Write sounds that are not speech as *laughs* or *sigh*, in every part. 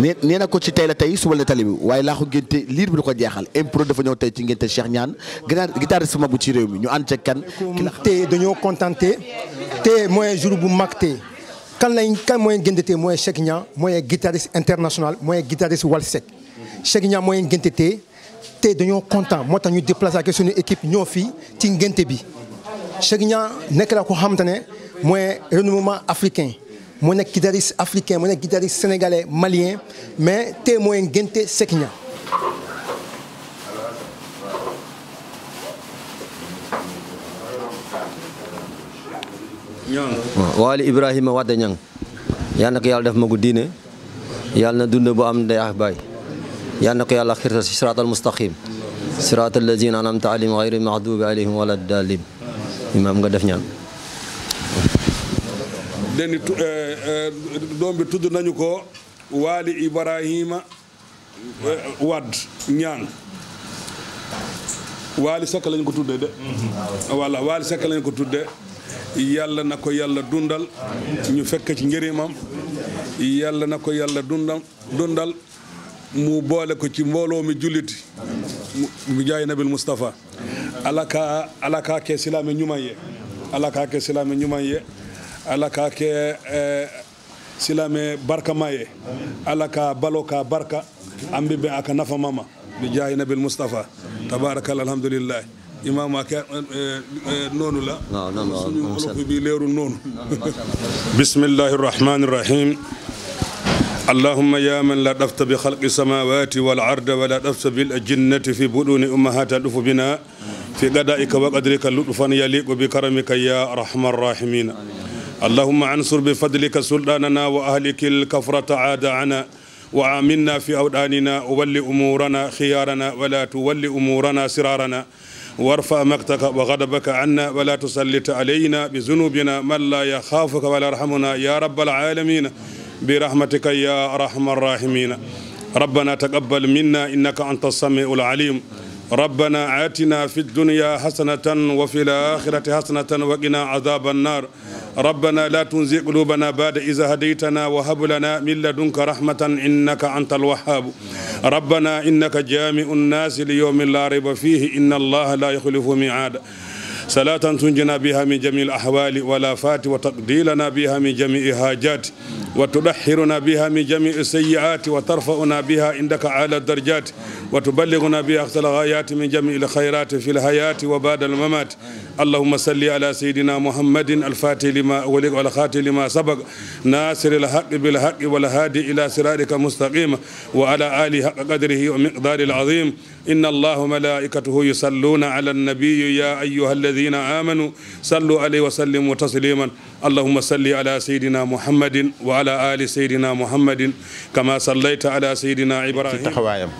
nee nee na ko ci tey la tey suba la tali bi waaye laaxu ngénte liir bi du ko jeexal impro dafa ñëw tey ci ngénte Cheikh Niane guitariste guitariste mag bu ci réew mi ñu ànd ca kan. te dañoo contenté te mooy jour bu mag te kan lañ kan mooy ngénte te mooy Cheikh Niane mooy guitariste international mooy guitariste Walsek Cheikh Niane mooy ngénte te te dañoo content moo tax ñu déplacé ak suñu équipe ñoo fii ci ngénte bi Cheikh Niane nekk la ko xamante ne mooy renouvellement africain. mu nekk guitariste africain mu nekk guitariste sénégalais malien mais te mooy ngénte Sekiña waali Ibrahima Wade ñang yal na ko yàlla def magu diine yàlla na dund bu am ndey ak baay yal na ko yàlla xirtal si siraatal mustaqim siraatal lazina anamta alayhim ghayril maghdubi alayhim wala daalin imaam nga def ñaan deni eh, eh, doom bi tudd nañu ko waali ibrahima eh, wadd ñaan waali sekk lañ ko tudde de mm-hmm. walla waali sekk lañ ko tudde yàlla na ko yàlla dundal ñu fekk ci njëriñam yàlla na ko yàlla dundal dundal mu boole ko ci mbooloo mi julliti mu jaay nabil Mustafa alaka alaka ke silaame ñuman ye alaka silaame ñuman ye ala k'a kɛ eh, silamɛ barkama ye ala ka balo k'a barka an bɛ bɛn a ka nafama ma bi jahi nabil mustafa tabarakal alhamdulilahi imam a kɛ eh, eh, noonu la suñu wolof bi leeru noonu bismillahi rahmani rahim اللهم يا من لطفت بخلق السماوات والعرض ولطفت بالجنة في بدون أمهات لطف بنا في قدائك وقدرك لطفا يليق بكرمك يا أرحم الراحمين آمين. اللهم انصر بفضلك سلطاننا واهلك الكفرة عاداءنا وآمنا في أوداننا وول أمورنا خيارنا ولا تول أمورنا سرارنا وارفع مقتك وغضبك عنا ولا تسلط علينا بذنوبنا من لا يخافك ولا يرحمنا يا رب العالمين برحمتك يا أرحم الراحمين ربنا تقبل منا إنك أنت السميع العليم ربنا آتنا في الدنيا حسنة وفي الآخرة حسنة وقنا عذاب النار ربنا لا تنزغ قلوبنا بعد إذا هديتنا وهب لنا من لدنك رحمة إنك أنت الوهاب ربنا إنك جامع الناس ليوم لا ريب فيه إن الله لا يخلف ميعاد salatan tunjina biha min jamii lahwali walafati wa taqdilana biha min jamii hajati wa tudahiruna biha min jamii sayiati wa tarfauna biha indaka ala darjati wa tuballiguna biha akhtal ghayati min jamii lkhayrati fi lhayati wa bada almamati اللهم صل على سيدنا محمد الفاتح لما أغلق والخاتم لما سبق ناصر الحق بالحق والهادي إلى صراطك مستقيم وعلى آله حق قدره ومقدار العظيم إن الله وملائكته يصلون على النبي يا أيها الذين آمنوا صلوا عليه وسلموا تسليما اللهم صل على سيدنا محمد وعلى آل سيدنا محمد كما صليت على سيدنا إبراهيم taxawaayam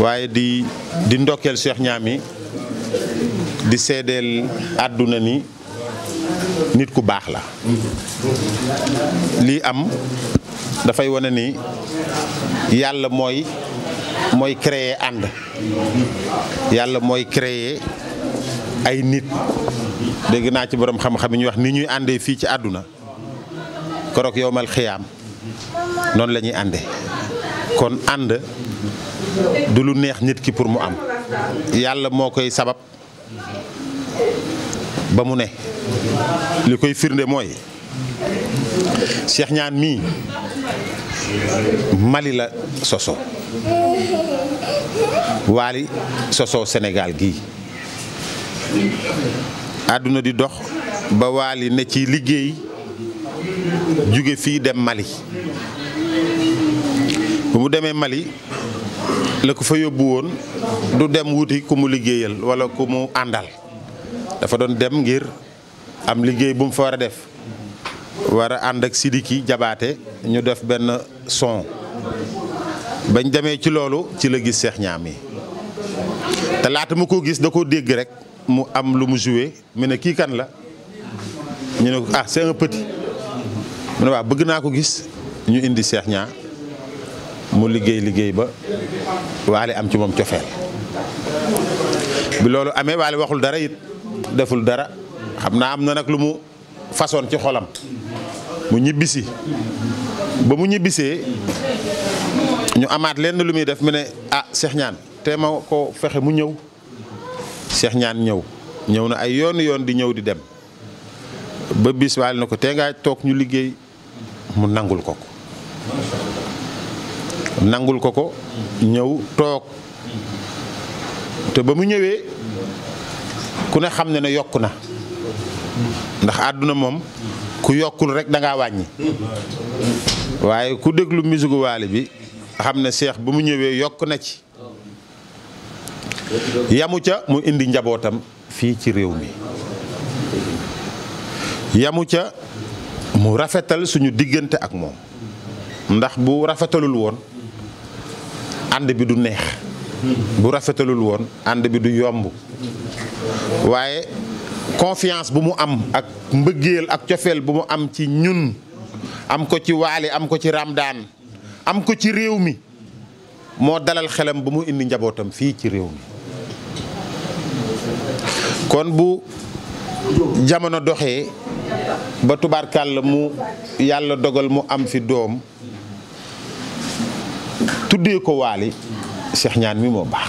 waaye di di ndokkeel Cheikh Ñaami di seedeel àdduna ni nit ku baax la lii am dafay wone ni yàlla mooy mooy créer ànd yàlla mooy créer ay nit dégg naa ci boroom xam-xam ñuy wax ni ñuy àndee fii ci àdduna koroog yowmal xiyaam noonu la ñuy àndee kon ànd du lu neex nit ki pour mu am yàlla moo koy sabab ba mu ne li koy firnde mooy Cheikh Niane mii Mali la soso Waali soso senegaal gii àdduna di dox ba Waali ne ci liggéey jóge fii dem Mali bu mu demee Mali la ko fa yóbbu woon du dem wuti ku mu liggéeyal walla ku mu àndal dafa doon dem ngir am liggéey bu fa war a def war a ànd ak Sidiki Jabaate ñu def benn son bañ demee ci loolu ci la gis Cheikh Niang mi te laata mu ko gis da ko dégg rek mu am lu mu joué mu ne kii kan la ñu ne ko ah c'est un petit mu ne waaw bëgg naa ko gis ñu indi Cheikh Niang mu liggéey liggéey ba waale am ci moom cofeel bi loolu amee waale waxul dara it deful dara xam naa am na nag lu mu façon ci xolam mu ñibbisi ba mu ñibbisee ñu amaat lenn lu muy def mu ne ah Cheikh Niane te ma ko fexe mu ñëw Cheikh ñëw ñëw na ay yoon yoon di ñëw di dem ba bis waale na ko te ngaa toog ñu liggéey mu nangul ko ko nangul ko ko ñëw toog te ba mu ñëwee ku ne xam ne ne yokk na ndax àdduna moom ku yokkul rek danga wàññi waaye ku déglu musigu waale bi xam ne seex ba mu ñëwee yokk na ci yamu ca mu indi njabootam fii ci réew mi yamu ca mu rafetal suñu diggante ak moom ndax bu rafetalul woon ànd bi du neex bu rafetalul woon ànd bi du yomb waaye confiance bu mu am ak mbëggeel ak cofeel bu mu am ci ñun am ko ci waali am ko ci ramdaan am ko ci réew mi moo dalal xelam ba mu indi njabootam fii ci réew mi kon bu jamono doxee ba tubaarkàll mu yàlla dogal mu am fi doom tuddee ko waali Cheikh ñaan mi moo baax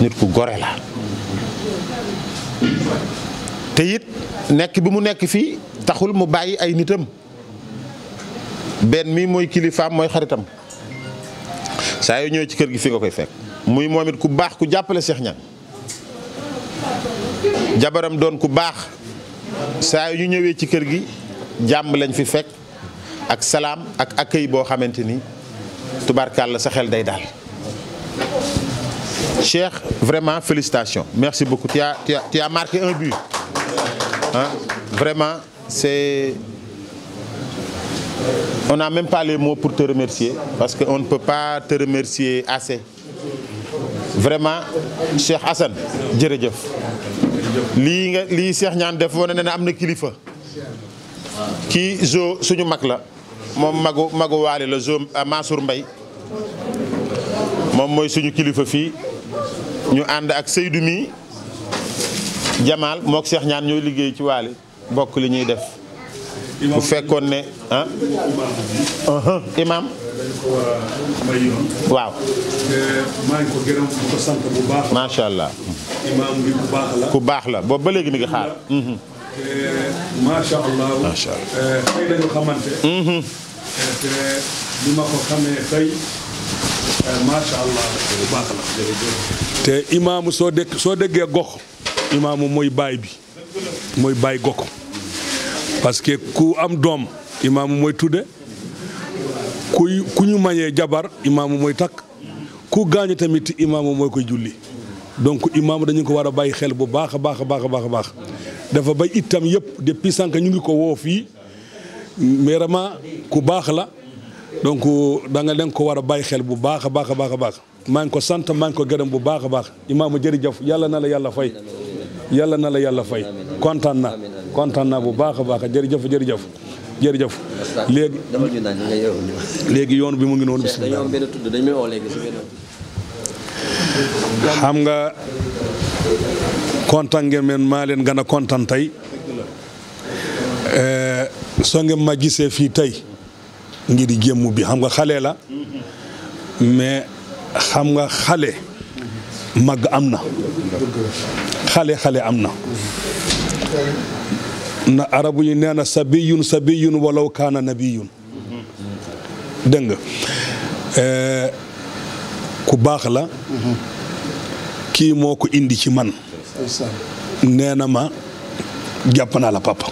nit ku gore la te it nekk bi mu nekk fii taxul mu bàyyi ay nitam benn mii mooy kilifaam mooy xaritam saa yoo ñëwee ci kër gi fi nga koy fekk muy moom it ku baax ku jàppale Cheikh ñaan jabaram doon ku baax saa yu ñëwee ci kër gi jàmm lañ fi fekk ak salaam ak accueil boo xamante ni tubaarkàlla sa xel day daal Cheikh vraiment félicitations merci beaucoup tu as tu marqué un but vraiment c'est on n'a même pas les pour te remercier parce que on ne peut pas te remercier assez vraiment Cheikh Assane jërëjëf lii nga ñaan def wane na am na kilifa kii jo suñu mag la moom magu magu waale la zoom euh, Mansour mbay moom mooy suñu kilifa fii ñu ànd ak Seydou mi Jamal mook Cheikh ñaan ñooy liggéey ci waale bokk li ñuy def bu fekkoon ne ah uh-huh. imaam waaw maa baax allah ku baax la ku boobu ba léegi mi ngi xaar macha allah macha allah xëy eh, mhm. eh, te li eh, imaamu soo déggee gox imaamu mooy baay bi mooy baay gox parce que ku am doom imaamu mooy tudde ku ñu mañee jabar imaamu mooy takk ku gaañu tamit imaamu mooy koy julli donc imaamu dañu ko war a bàyyi xel bu baax baax baax a baax a baax. dafa bañ itam yëpp depuis sànq ñu ngi ko woo fii mais vraiment ku baax la donc danga nga leen ko war a bàyyi xel bu baax a baax a baax a baax. maa ngi ko sant maa ngi ko gërëm bu baax a baax imaamu jërëjëf yàlla na la yàlla fay yàlla na la yàlla fay kontaan na kontaan naa bu baax a baax jërëjëf jërëjëf. jërëjëf léegi léegi yoon bi mu ngi noonu bisimilah xam nga kontaan ngeen men maa leen gën a kontaan tey eh, soo ngeen ma gisee fii tey ngir jëmm bi xam nga xale la mais xam nga xale mag am na xale xale am na na arabu ñu nee na sabiyun sabiyun walaw kaana nabiyun dégg nga eh, ku baax la kii moo ko indi ci man nee na ma jàpp naa la papa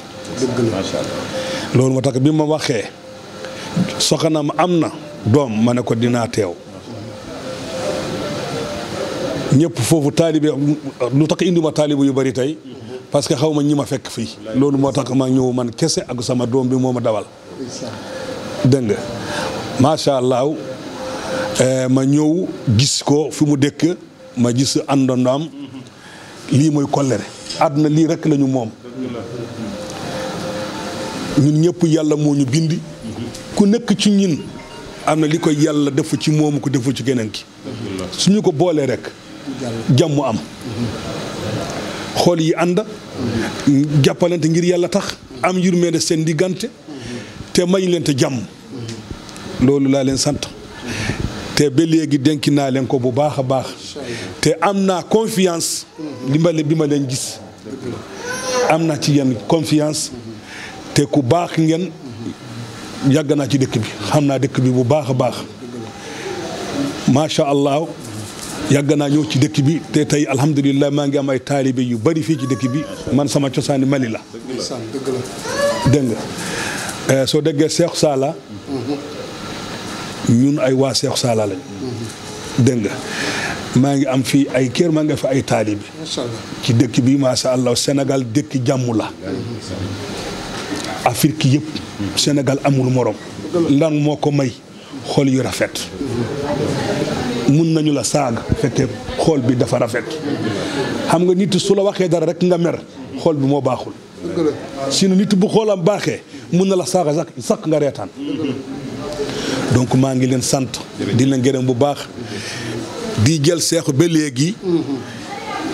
loolu moo tax bi ma waxee soxnaam am na doom ma ne ko dinaa teew ñëpp foofu taalibe lu tax indi ma taalibe yu bari tey parce que xaw ma ñi ma fekk fii loolu moo tax ma ñëw man kese ak sama doom bi moo ma dawal dégg nga macha eh, ma ñëw gis ko fi mu dëkk ma gis àndandoom lii mooy kollere àdduna lii rek lañu moom ñun ñëpp yàlla moo ñu bind ku nekk ci ñun am na li koy yàlla defu ci moomu ko deful ci keneen ki suñu ko boolee rek jàmm am xool yi ànd jàppalante ngir yàlla tax am yurmande seen diggante te may leen te jàmm loolu laa leen sant te ba léegi dénki naa leen ko bu baax a baax te am naa confiance li bi ma leen gis am naa ci yéen confiance te ku baax ngeen yàgg naa ci dëkk bi xam naa dëkk bi bu baax a baax macha allah yàgg naa ñëw ci dëkk bi te tey alhamdulillah maa ngi am ay taalibe yu bari fii ci dëkk bi man sama cosaani Mali la dégg nga eh, soo déggee Cheikh Sala mm-hmm. ñun ay waa Seex Saala lañ dégg maa ngi am fii ay kër maa nga fi ay taalibe ci dëkk bi macha allah senegal dëkk jàmm la Afrique yëpp Sénégal amul morom lan moo ko may xool yu rafet mun nañu la saag fekkee xool bi dafa rafet xam nga nit su la waxee dara rekk nga mer xool bi moo baaxul sinu nit bu xoolam baaxee mun na la saaga sax sax nga reetaan donc maa ngi leen sant di leen gërëm bu baax di jël seexu ba léegi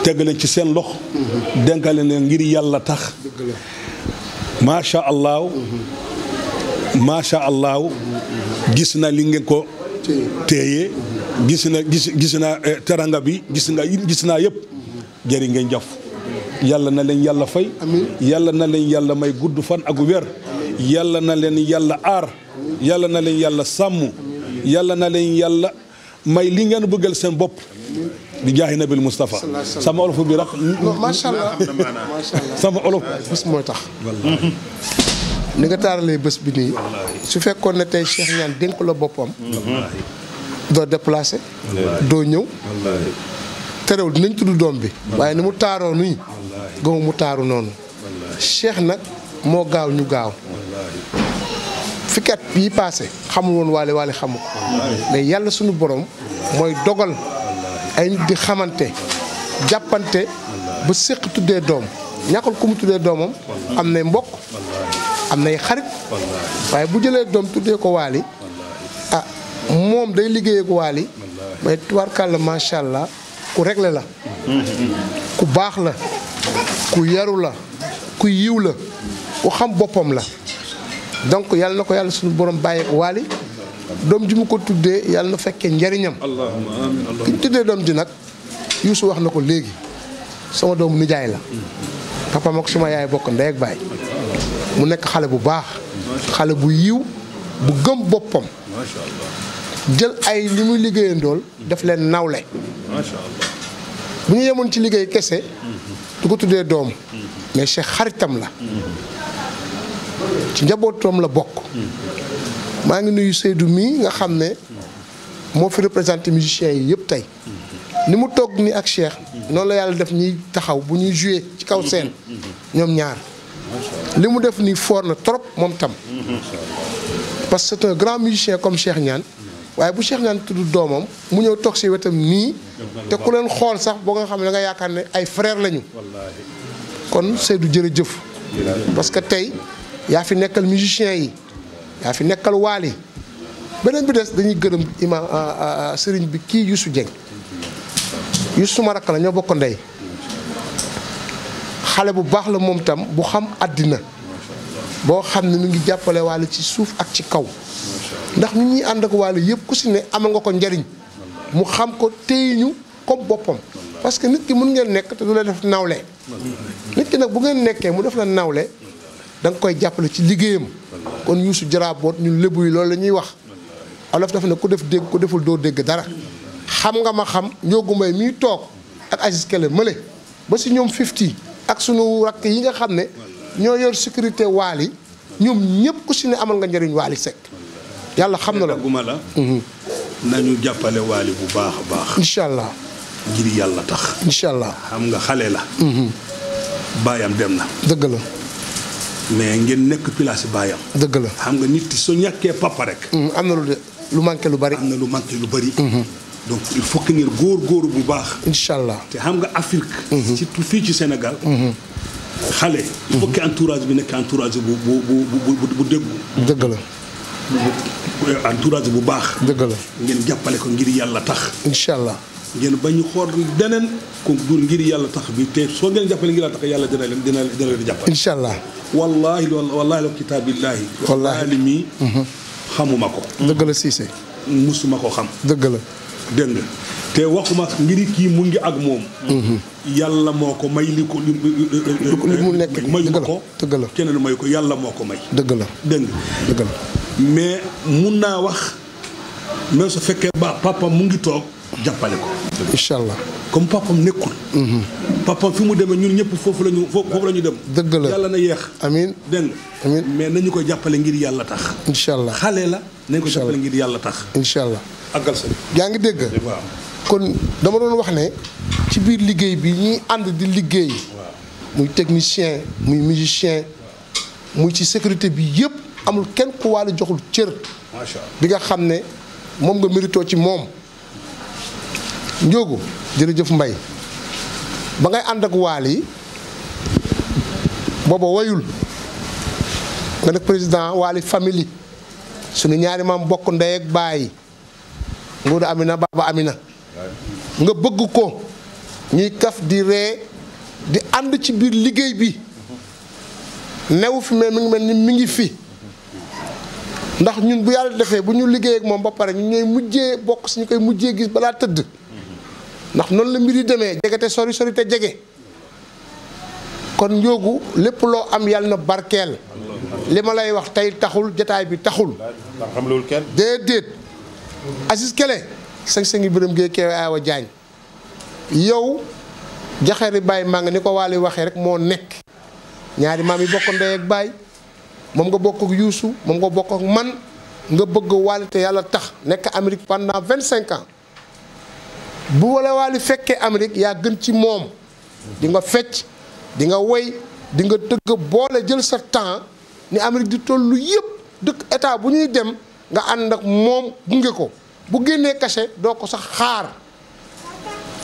teg leen ci seen lox denkale leen ngir yàlla tax macha allah macha allah gis na li ngeen ko téye gis na gis gis na eh, teranga bi gis nga gis naa yëpp jëri ngeen jaf yàlla na leen yàlla fay yàlla na leen yàlla may gudd fan ak wér yàlla na leen yàlla aar yàlla na leen yàlla sàmm yàlla na leen yàlla may li ngeen bëggal seen bopp di jaahi nabil Moustapha sama olof bi rax macha allah sama olof bés mooy tax ni nga taaralee bés bi nii su fekkoon ne tey Cheikh Niane dénk la boppam doo déplacé doo ñëw terewul dinañ tudd doom bi waaye ni mu taaroo nuy gëmu mu taaru noonu Cheikh nag moo gaaw ñu gaaw fukki at yi passé xamul woon waale waale xamu ko mais yàlla suñu boroom mooy dogal ay di xamante jàppante bu séq tuddee doom ñàkkul ku tuddee doomam am nay mbokk am nay xarit waaye bu jëlee doom tuddee ko waali a ah, moom day liggéeyee ko waali mais tubaarkàlla macha allah ku réglé la ku baax la ku yaru la ku yiw la ku xam boppam la donc yàlla na ko yàlla suñu borom bàyyi waali doom ji mu ko tuddee yàlla na fekkee njariñam ki ñu tuddee doom ji nag su wax na ko léegi sama doomu nijaay la papaam ak suma yaay bokk ndey ak baay mu nekk xale bu baax xale bu yiw bu gëm boppam jël ay li muy liggéeyandool daf leen nawle bu ñu yemoon ci liggéey kese du ko tuddee doom mm-hmm. mais Cheikh xaritam la mm-hmm. ci njabootam la bokk maa ngi nuyu Seydou mii nga xam ne moo fi représenté musiciens yi yëpp tey ni mu toog ni ak Cheikh noonu la yàlla def ñuy taxaw bu ñuy joué ci kaw seen ñoom ñaar li mu def nii foor na trop moom tam parce que c'est un grand musicien comme Cheikh ñaan waaye bu Cheikh Niane tudd doomam mu ñëw toog si wetam nii te ku leen xool sax boo nga xam ne da yaakaar ne ay frère lañu kon Seydou jërëjëf parce que tey yaa fi nekkal musiciens yi yaa fi nekkal waali beneen bi des dañuy gërëm imam ah, ah, ah, sëriñ bi kii Youssou Dieng Youssou suma rakk la ñoo bokk ndey xale bu baax la moom tam bu xam àddina boo xam ne mi ngi jàppale waale ci suuf ak ci kaw ndax ñu ñuy ànd ak waale yëpp ku si ne amal nga ko njariñ mu xam ko téye ñu comme boppam parce que nit ki mun ngeen nekk te du la def nawle nit ki nag bu ngeen nekkee mu def la nawle danga koy jàppale ci liggéeyam kon yuusu jaraaboot ñun lébu yi loolu la ñuy wax olof dafa ne ku def dégg ku deful doo dégg dara xam nga ma xam ñoogu mbay miy toog ak Aziz Kele mële ba si ñoom fifty ak sunu rakk yi nga xam ne ñoo yor sécurité waal yi ñoom ñëpp ku si ne amal nga njariñ waali sekk yàlla xam na la guma mhm. la nañu jàppale waali bu baax a baax incha allah yàlla tax incha allah xam nga xale la mhm. baayam dem na dëgg la mais ngeen nekk place baayam. dëgg la xam nga nit soo ñàkkee papa rek. Mm, am na lu de lu bari. am na lu manqué lu bari. Mm-hmm. donc il faut que góor góor bu baax. incha allah te xam nga Afrique. Mm-hmm. surtout fii ci Sénégal. Mm-hmm. xale. il faut entourage bi nekk entourage bu bu bu bu bu déggu. dëgg la. entourage bu baax. dëgg la ngeen jàppale ko ngir yàlla tax. incha allah. ngeen ñu xool deneen concours ngir yàlla tax bi te soo ngeen jàppale ngir yàlla tax yàlla dina leen dina dina leen jàppale incha allah wallaahi wallaahi la kitaabillaahi wallaahi li mii mhm. xamuma ko dëgg la Cissé musuma ko xam dëgg la dégg te waxuma ngir kii mu ak mhm. moo ko may li ko li mu nekk mayu ko dëgg la keneen mayu ko yàlla moo ko may dëgg la dégg nga dëgg la mais mun naa wax mais su fekkee ba papa mu ngi toog jàppale ko incha allah comme papam nekkul. Mhm. papam fi mu demee ñun ñëpp foofu la ñu foofu la ñu dem. dëgg la yàlla na yéex. amiin dégg nga. amiin mais nañu ko jàppale ngir yàlla tax. incha allah xale la. nañu ko jàppale ngir yàlla tax. incha allah àggal sa yaa ngi dégg. kon dama doon wax ne ci biir liggéey bi ñuy ànd di liggéey. muy technicien muy musicien. muy ci sécurité bi yëpp amul kenn ku joxul cër. bi nga xam ne moom nga méritoo ci moom. njóogu jërëjëf mbay ba ngay ànd ak waal yi booba wayul nga nekk président waali famille suñu ñaari maam bokk ndey ak baay nguuru amina baaba amina nga bëgg ko ñuy kaf di ree di ànd ci biir liggéey bi newu fi mais mi ngi mel ni mi ngi fi ndax ñun bu yàlla defee bu ñu liggéey ak moom ba pare ñun ñooy mujjee bokk suñu koy mujjee gis balaa tëdd ndax noonu la mbir yi demee jege te sori sori te jege kon njóogu lépp loo am yàlla na barkeel li ma lay wax tey taxul jataay bi taxul déedéet Aziz Kele sañ-sañi biram géey kewe a jaañ yow jaxeeri bàyyi maa nga ni ko waali waxee rek moo nekk ñaari maam yi bokk ndey ak baay moom nga bokk ak Youssou moom nga bokk ak man nga bëgg waali te yàlla tax nekk Amérique pendant vingt cinq ans bu wala waali fekkee Amérique yaa gën ci moom di nga fecc di nga woy di nga tëgg boole jël sa temps ni Amérique di tollu yëpp dëkk état bu ñuy dem nga ànd ak moom gunge ko bu génnee cachet doo ko sax xaar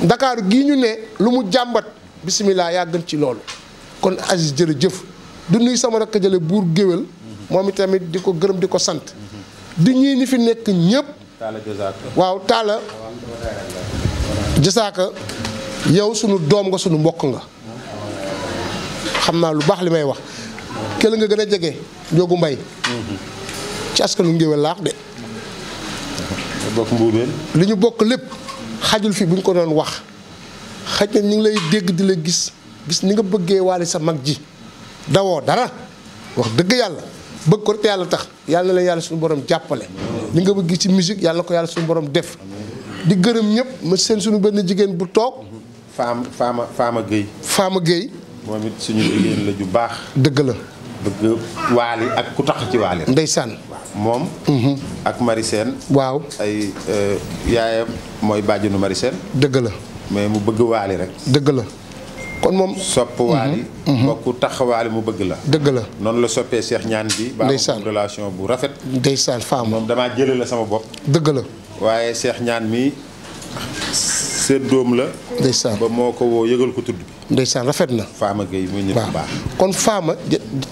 Dakar gi ñu ne lu mu jàmbat bisimilah yaa gën ci loolu kon Aziz jëf du nuy sama rakk jële buur géwél moom itamit di ko gërëm di ko sant di ñuy ni fi nekk ñëpp waaw taala Diazaka yow sunu doom nga sunu mbokk nga xam naa lu baax li may wax kële nga gën a jege Njóogu Mbay ci askanu ngéwél laax de bokk li ñu bokk lépp xajul fii bu ñu ko doon wax xaj na ñu ngi lay dégg di la gis gis ni nga bëggee waale sa mag ji dawoo dara wax dëgg yàlla bëgg ko te yàlla tax yàlla na la yàlla suñu borom jàppale li nga bëgg ci musique yàlla ko yàlla suñu borom def di gërëm ñëpp ma seen suñu benn jigéen bu toog. Fama Fama Fama Gueye. Fama Gueye. moom it suñu jigéen la ju baax. dëgg la. bëgg waali ak ku tax ci waali. ndeysaan. moom. Mhm. ak mariseen waaw ay euh, yaayam mooy bàjjenu Marisène. dëgg la. mais mu bëgg waali rek. dëgg la. kon moom sopp mhm. waali. Mhm. bokk taxawaali mu bëgg la. dëgg la noonu la soppee Cheikh ñaan bi. ndeysaan ba relation bu rafet. ndeysaan Fama moom damaa jëlee la sama bopp. dëgg la. waaye Cheikh ñaan mi séddoom la. ndeysaan ba moo ko woo yëgal ko tudd bi. ndeysaan rafet na. Faama Gueye muy nit bu baax kon Faama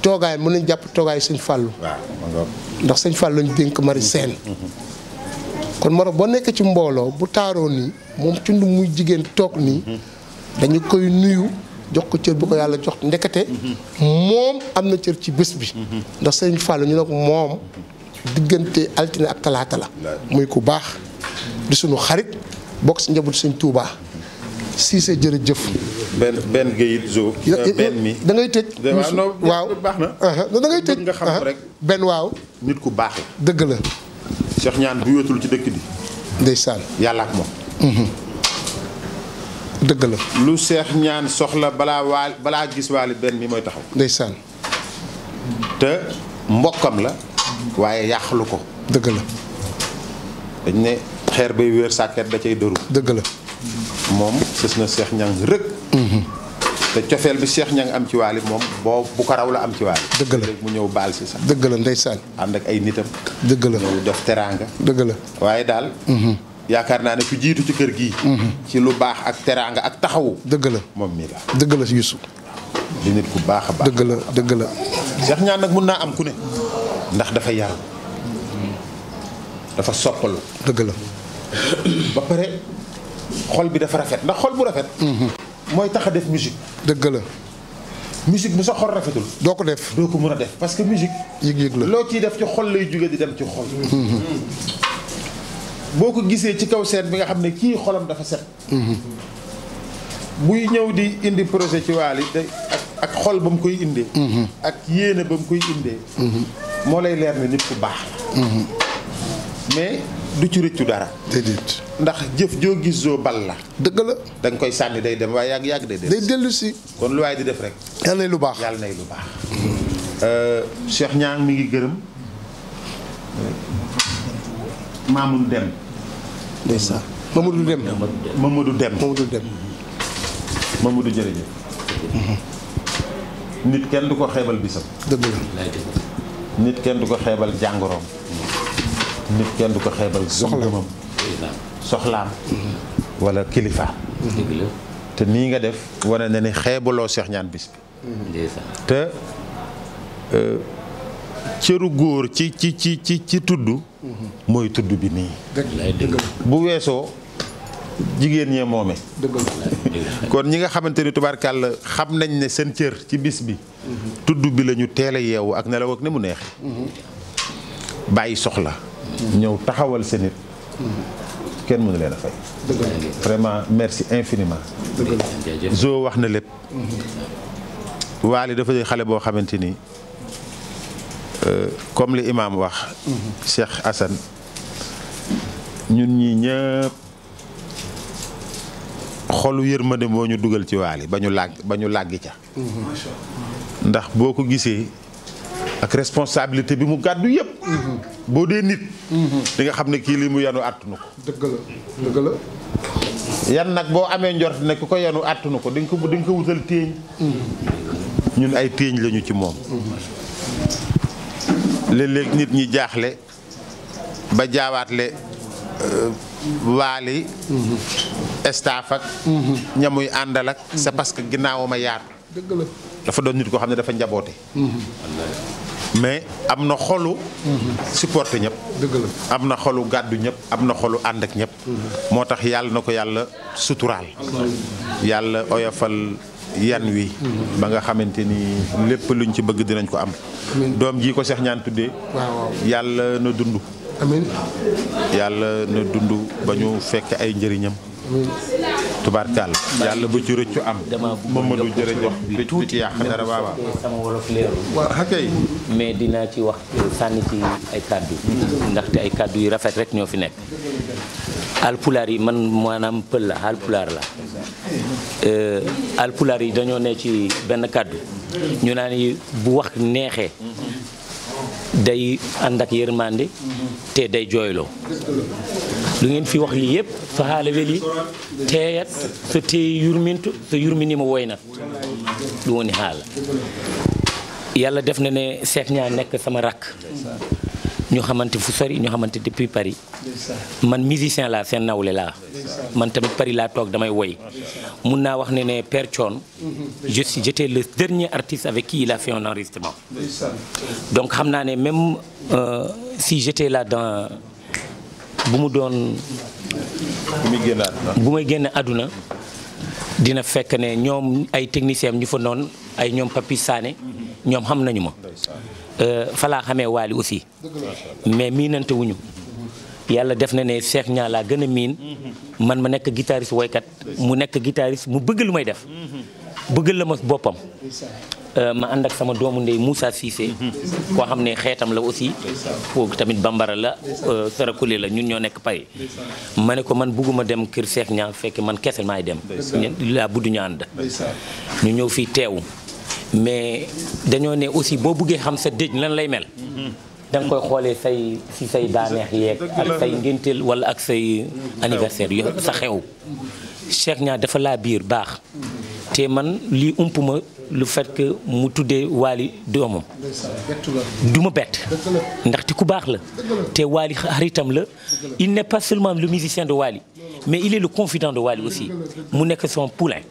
toogaay mën nañ jàpp toogaayu sëñ Fallou. ndax sëñ Fallou lañ dénk mari seen. kon Morog boo nekkee ci mbooloo bu taaroo nii moom tund muy jigéen toog nii. dañu koy nuyu jox ko cër bu ko yàlla jox ndekete. Mhm. moom am na cër ci bés bi. Mhm. ndax sëñ Fallou ñu ne ko moom. diggante altine ak talaata la muy ku baax di sunu xarit bokk si njabootu sëñ Tuubaa Cissé jërëjëf. benn benn géej zoo. benn mi da tëj. waaw baax na. Uh-huh. da nga xam uh-huh. rek. benn waaw. nit ku baax la. dëgg la. Cheikh Ñaan du ci dëkk bi. ndeysaan yàlla ak mm-hmm. dëgg la. lu Cheikh Ñaan soxla balaa balaa gis waali benn mi mooy taxaw. ndeysaan. te mbokkam la. waaye yàqlu ko. dëgg la. dañ ne xeer bay wéer sàkket da cay dëru. dëgg la. moom sës na Cheikh Niang rëkk. Mhm. te cofeel bi Cheikh Niang am ci waali moom boo bu ko raw la am ci waali. dëgg la mu ñëw baal si sax. dëgg la ndeysaan. ànd ak ay nitam. dëgg la ñëw def teraanga. dëgg la waaye daal. Mhm. yaakaar naa ne ku jiitu ci kër gii. Mhm. ci lu baax ak teraanga ak taxawu. dëgg la moom mii la. dëgg la nit ku baax a baax. dëgg la dëgg la. nag mun naa am ku ne. ndax dafa yaru dafa soppalu dëgg la ba pare xol bi dafa rafet ndax xol bu rafet mhm. mooy tax a def musique dëgg la musique bu sa xol rafetul doo ko def doo ko mën a def parce que musique yëg-yëg la loo ciy def ci xol lay jóge di dem ci xol mhm. boo ko gisee ci kaw seen bi nga xam ne kii xolam dafa set mhm. buy ñëw di indi projet ci waal yi ak ak xol ba mu koy indee ak yéena ba mu koy indee moo lay leer ne nit ku baax la mhm. mais du ci rëccu dara déedéet ndax jëf joo gis joo bal la dëgg la da koy sànni day dem waaye yàgg yàgg day dem dellu si kon lu waaye di def rek yàlla lu baax yàlla nay lu baax mhm. euh, Cheikh mi ngi gërëm Mamadou Dem ndeysaan Mamadou Dem Mamadou Dem Mamadou Dem Mamadou jërëjëf mhm. nit kenn du ko xeebal bisam dëgg la nit kenn du ko xeebal jàngoroom nit kenn du ko xeebal soxlaam soxlaam mm-hmm. wala kilifa te nii nga def wane na ni xeebaloo Cheikh Ñaan bis bi te euh, cëru góor ci ci ci ci ci tudd mm-hmm. mooy tudd bi nii bu weesoo jigéen ñee moome kon ñi nga xamante ni tubaarkàlla xam nañ ne seen cër ci bis bi tudd bi la ñu teel a yeewu ak nelaw ak ne mu neex bàyyi soxla ñëw taxawal sa nit kenn mënu leen a fay vraiment merci infiniment zo wax na lépp waali dafa xale boo xamante ni euh, comme li imam wax mhm. Cheikh Assane ñun ñi ñëpp xolu yërmande moo ñu dugal ci waali ba ñu làgg ba ñu làggi ca ndax boo ko gisee ak responsabilité bi mu gàddu yëpp boo dee nit di nga xam ne kii lii mu yanu àttunu ko dëgg nag boo amee njort ne ku ko yanu àttunu ko di ko di nga ko wutal téeñ ñun ay téeñ lañu ci moom léeg-léeg nit ñi jaaxle ba jaawaatle euh, waali staff ak. ñamuy àndal ak. c'est parce que ginnaawam a yaatu. dafa doon nit koo xam ne dafa njaboote. mais am na xolu. supporter ñëpp. am na xolu gàddu ñëpp am na xolu ànd ak ñëpp. moo tax yàlla na ko yàlla suturaal. yàlla oyofal yan wi. ba nga xamante ni lépp luñ ci bëgg dinañ ko am. doom jii ko Cheikh ñaan tuddee. yàlla na dund. yàlla na dund ba ñu fekk ay njëriñam. tubaarkàll yàlla bu ci rëccu am Mamadou jërëjëf bi tuuti yàq dara waaw sama wolof leerul waaw kay mais dinaa ci wax sànni ci ay kàddu ndaxte ay kàddu yu rafet rek ñoo fi nekk alpulaar yi man maanaam pël la alpulaar la euh, alpulaar yi dañoo ne ci benn kàddu ñu naan bu wax neexee day ànd ak yërmande te day jooyloo lu ngeen fi wax lii yëpp so haala weli teeyat so teeyi yurminto so yurminima woynat ɗum woni haala yàlla def na ne Cheikh Niang nekk sama rakk ñu xamante fu sori ñu xamante depuis Paris man musicien laa seen nawle laa man tamit Paris laa toog damay woy mun naa wax ne ne Père Thione je le dernier artiste avec qui il a fait un enregistrement donc xam naa ne même euh, si j'étais là dans bu mu doon bu may génn àdduna dina fekk ne ñoom ay techniciens ñu fa noonu ay ñoom Papi Sané ñoom xam nañu ma Euh, fa laa xamee waali aussi mais miinantewuñu yàlla def na ne Cheikh ñaa laa gën a miin man ma nekk guitariste woykat mu nekk guitariste mu bëgg lu may def bëgg la ma boppam euh, ma ànd ak sama doomu ndey Moussa Cissé koo xam ne xeetam la aussi foofu tamit bambara la euh, Sarakuli la ñun ñoo nekk Paris ma ne ko man bugguma dem kër Cheikh ñaa fekk man kese maay dem laa buddu ñu ànd ñu ñëw fii teew mais dañoo ne aussi boo buggee xam sa dëj lan lay mel. danga koy xoolee say si say daaneex yeeg ak say ngénteel wala ak say anniversaire yo sa xew. Cheikh Niang dafa laa biir baax. te man lii ump ma lu fait que mu tuddee waali doomam. du ma bett. ndaxte ku baax la. te waali xaritam la. il n'est pas seulement le musicien de waali. mais il est confident de Wally aussi mu nekk son poulain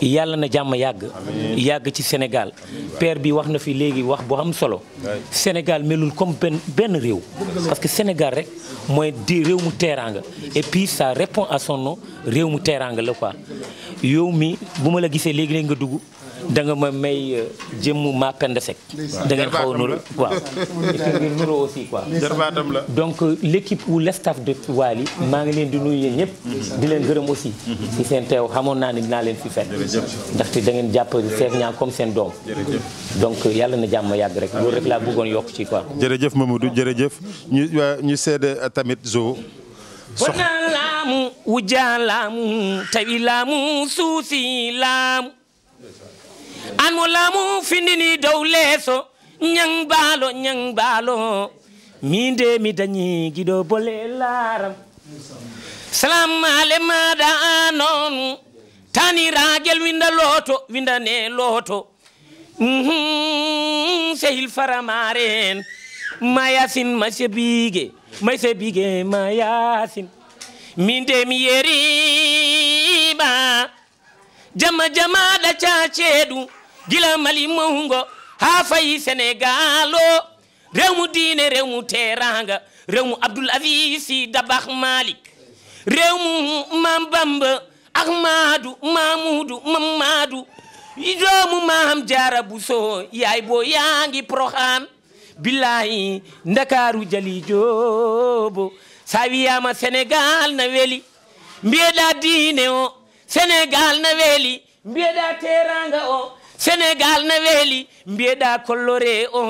yàlla na jàmm yàgg yàgg ci Sénégal per bi wax na fi léegi wax bu am solo Sénégal melul comme benn réew parce que Sénégal rek mooy di réew mu teeraanga et puis ça répond à son réew mu teeraanga la quoi yow mi bu ma la gisee léegi léegi nga dugg da nga ma may euh, jëmmu Mapenda Seck. da ngeen xaw a nuru waaw. ngeen *laughs* nuru aussi quoi. jarbaatam la donc euh, l' équipe ou le staff de Waly. maa ngi leen di nuyu yéen ñëpp. di leen gërëm aussi. Mm-hmm. ci seen teew xamoon naa ne dinaa leen fi fekk. ndaxte da ngeen jàpp Cheikh Niang comme seen doom. donc euh, yàlla na jàmm yàgg rek loolu rek laa bëggoon yokk ci quoi. jërëjëf Mamadou jërëjëf ñu ñu seede tamit Zo. soxna laamu wujaa tawi laamu suusi laamu. anu lamu findini dow leeso ñang baalo ñang baalo min mi dañi giɗo bole laaram salamale maɗa anon taniragel winda looto windane looto sehil faramare en mayasin masebigue masebigue mayasin min de mi yeriɓa jama jamaɗa caceeɗum gila mali mawngo haa fayi sénégal o mu diine rewmu teranga rewmu abdoul avisi dabah malik rewmu mam bamba ahmadou mamoudou mamadou doomu maham jara buso yaay bo yaangi prohan billahi ndakaru jali joobo sa wiyama sénégal na weli mbiyeɗa diine sénégal na weeli mbiyeɗa teranga o sénégal na weeli mbiyeɗa kollore o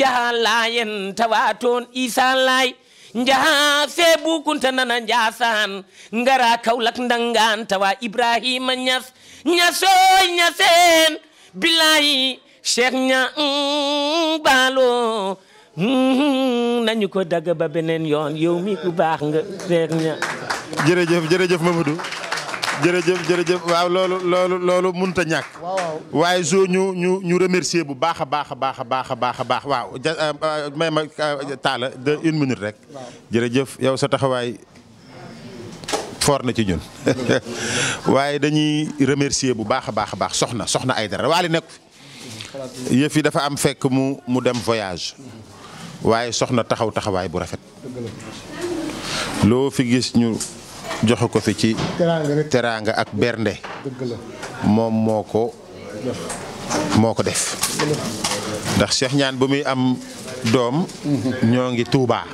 jaha layen tawa toon isa lay jaha sebukunta nana jasan gara kawlak dangan tawa ibrahima ñas ñasoy ñasen billahi cheikh ña baalo mm-hmm. nañu ko dagg ba beneen yoon yow mi ku baax nga cheikh ña jërëjëf jërëjëf mamadou jërëjëf jërëjëf waaw loolu loolu loolu mënut a ñàkk. waaye soo ñu ñu ñu remercier bu baax a baax a baax a baax a baax a baax waaw ja euh, euh, may ma euh, taala de une minute rek. jërëjëf yow sa taxawaay foor na ci ñun. *laughs* waaye dañuy remercier bu baax a baax a baax soxna soxna ay dara waali nekk yëf yi dafa am fekk mu mu dem voyage. waaye soxna taxaw taxawaay bu rafet. loo fi gis ñu. joxu ko fi ci teraanga ak bernde moom moo ko moo ko def ndax Cheikh Ñaan bu muy am doom ñoo ngi Tuubaa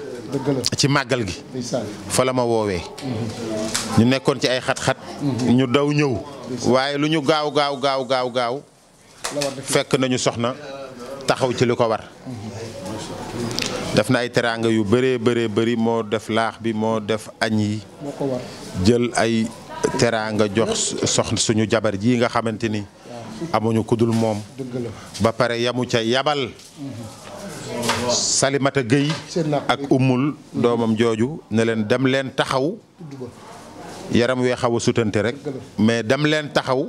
ci màggal gi fa la ma woowee ñu nekkoon ci ay xat-xat ñu daw ñëw waaye lu ñu gaaw gaaw gaaw gaaw gaaw fekk nañu soxna taxaw ci li ko war def na ay teraanga yu bëree bëree bëri moo def laax bi moo def añ yi jël ay teraanga jox soxna suñu jabar ji nga xamante ni amuñu kudul moom ba pare yamu ca yabal Salimata Gueye ak umul doomam jooju ne leen dem leen taxaw yaram wee xaw a sutante rek mais dem leen taxaw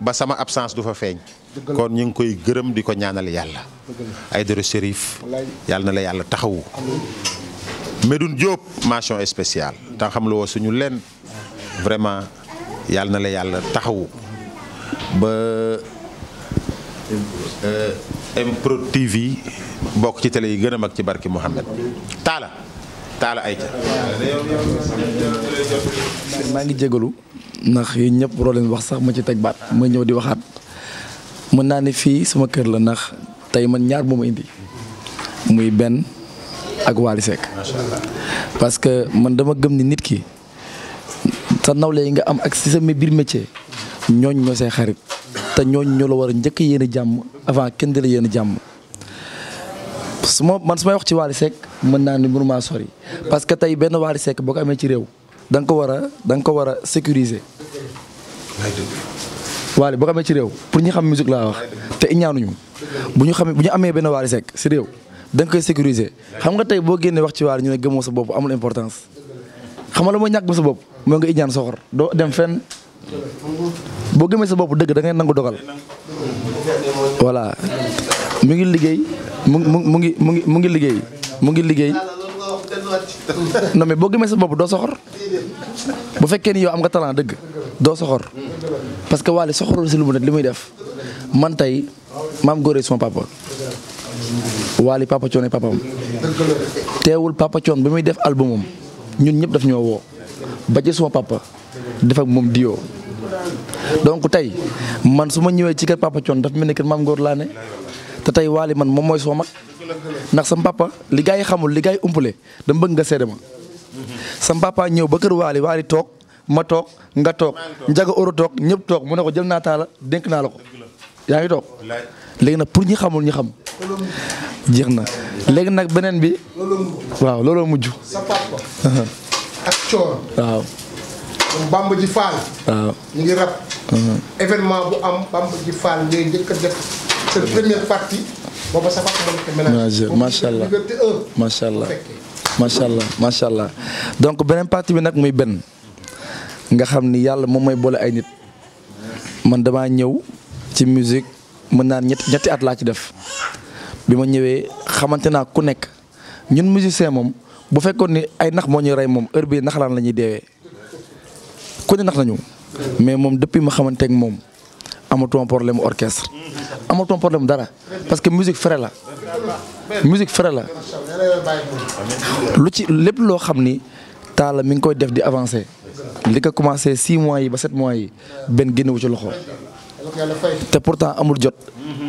ba sama absence du fa feeñ kon ñu ngi koy gërëm di ko ñaanal yàlla Aidara Chérif yàlla na la yàlla taxawu Medoune Diop mention spéciale te xam la woo suñu leen vraiment yàlla na la yàlla taxawu ba euh, MPROD TV bokk ci télé yi gën a ci barki Mouhamed taala taala ayca maa ngi jégalu ndax yéen ñëpp roo leen wax sax ma ci teg baat ma ñëw di waxaat mën naa ne fii sama kër la nax tey man ñaar moo indi muy benn ak Waly Seck parce que man dama gëm ni nit ki sa nawle yi nga am ak si sa biir métier ñooñ ñoo say xarit te ñooñ ñoo la war a njëkk yéen a jàmm avant kenn di la yéen a jàmm suma man su may wax ci Waly Seck mën naa ni mënumaa sori parce que tey benn Waly Seck boo ko amee ci réew da nga ko war a da nga ko war a sécuriser waale boo xamee ci réew pour ñu xam musique laa wax te ñaanuñu bu ñu xamee bu ñu amee benn waar Seck si réew da nga koy sécuriser xam nga tey boo génnee wax ci Wally ñu ne gëmoo sa bopp amul importance xam nga la mooy ñàkk ba sa bopp mooy nga iñaan soxor doo dem fenn boo gëmee sa bopp dëgg da ngay nangu dogal voilà mu ngi liggéey mu mu ngi mu mu ngi liggéey mu ngi liggéey non mais boo gëmee sa bopp doo soxor bu fekkee ni yow am nga talent dëgg doo soxor parce que Wally soxorul si lu li muy def man tey maam góoree suma papa Wally papa Thione papam teewul papa Thione bi ñun ñëpp daf ñoo woo ba ci suma papa def ak moom dioo donc tey man su ma ñëwee ci kër papa Thione daf mel ni kër maam góor laa ne te tey Wally man moom mooy soo mag ndax sa papa li xamul li gaa yi umpale dama bëgg nga seede ma sam papa ñëw ba kër waali waali toog ma toog nga toog njaga oro toog ñëpp toog mu ne ko jël naa taala dénk naa la ko yaa ngi toog léegi nag pour ñi xamul ñi xam jeex na léegi nag beneen bi waaw looloo mujj sa ak coor booba sa papa moom macha allah macha allah macha allah macha allah donc beneen partie bi nag muy benn nga xam ni yàlla moom mooy boole ay nit man damaa ñëw ci musique mën naa ñetti ñetti at laa ci def bi ma ñëwee xamante naa ku nekk ñun musicien moom bu fekkoon ni ay nax moo ñuy rey moom heure bii naxalaan la ñuy deewee ku ne nax nañu mais moom depuis ma xamante ak moom amatuma problème orchestre amatoon problème dara parce que musique frère la musique frère la lu ci lépp loo xam ni taala mi ngi koy def di avancé li ko commencé 6 mois yi ba 7 mois yi benn génnewu ci loxo te pourtant amul jot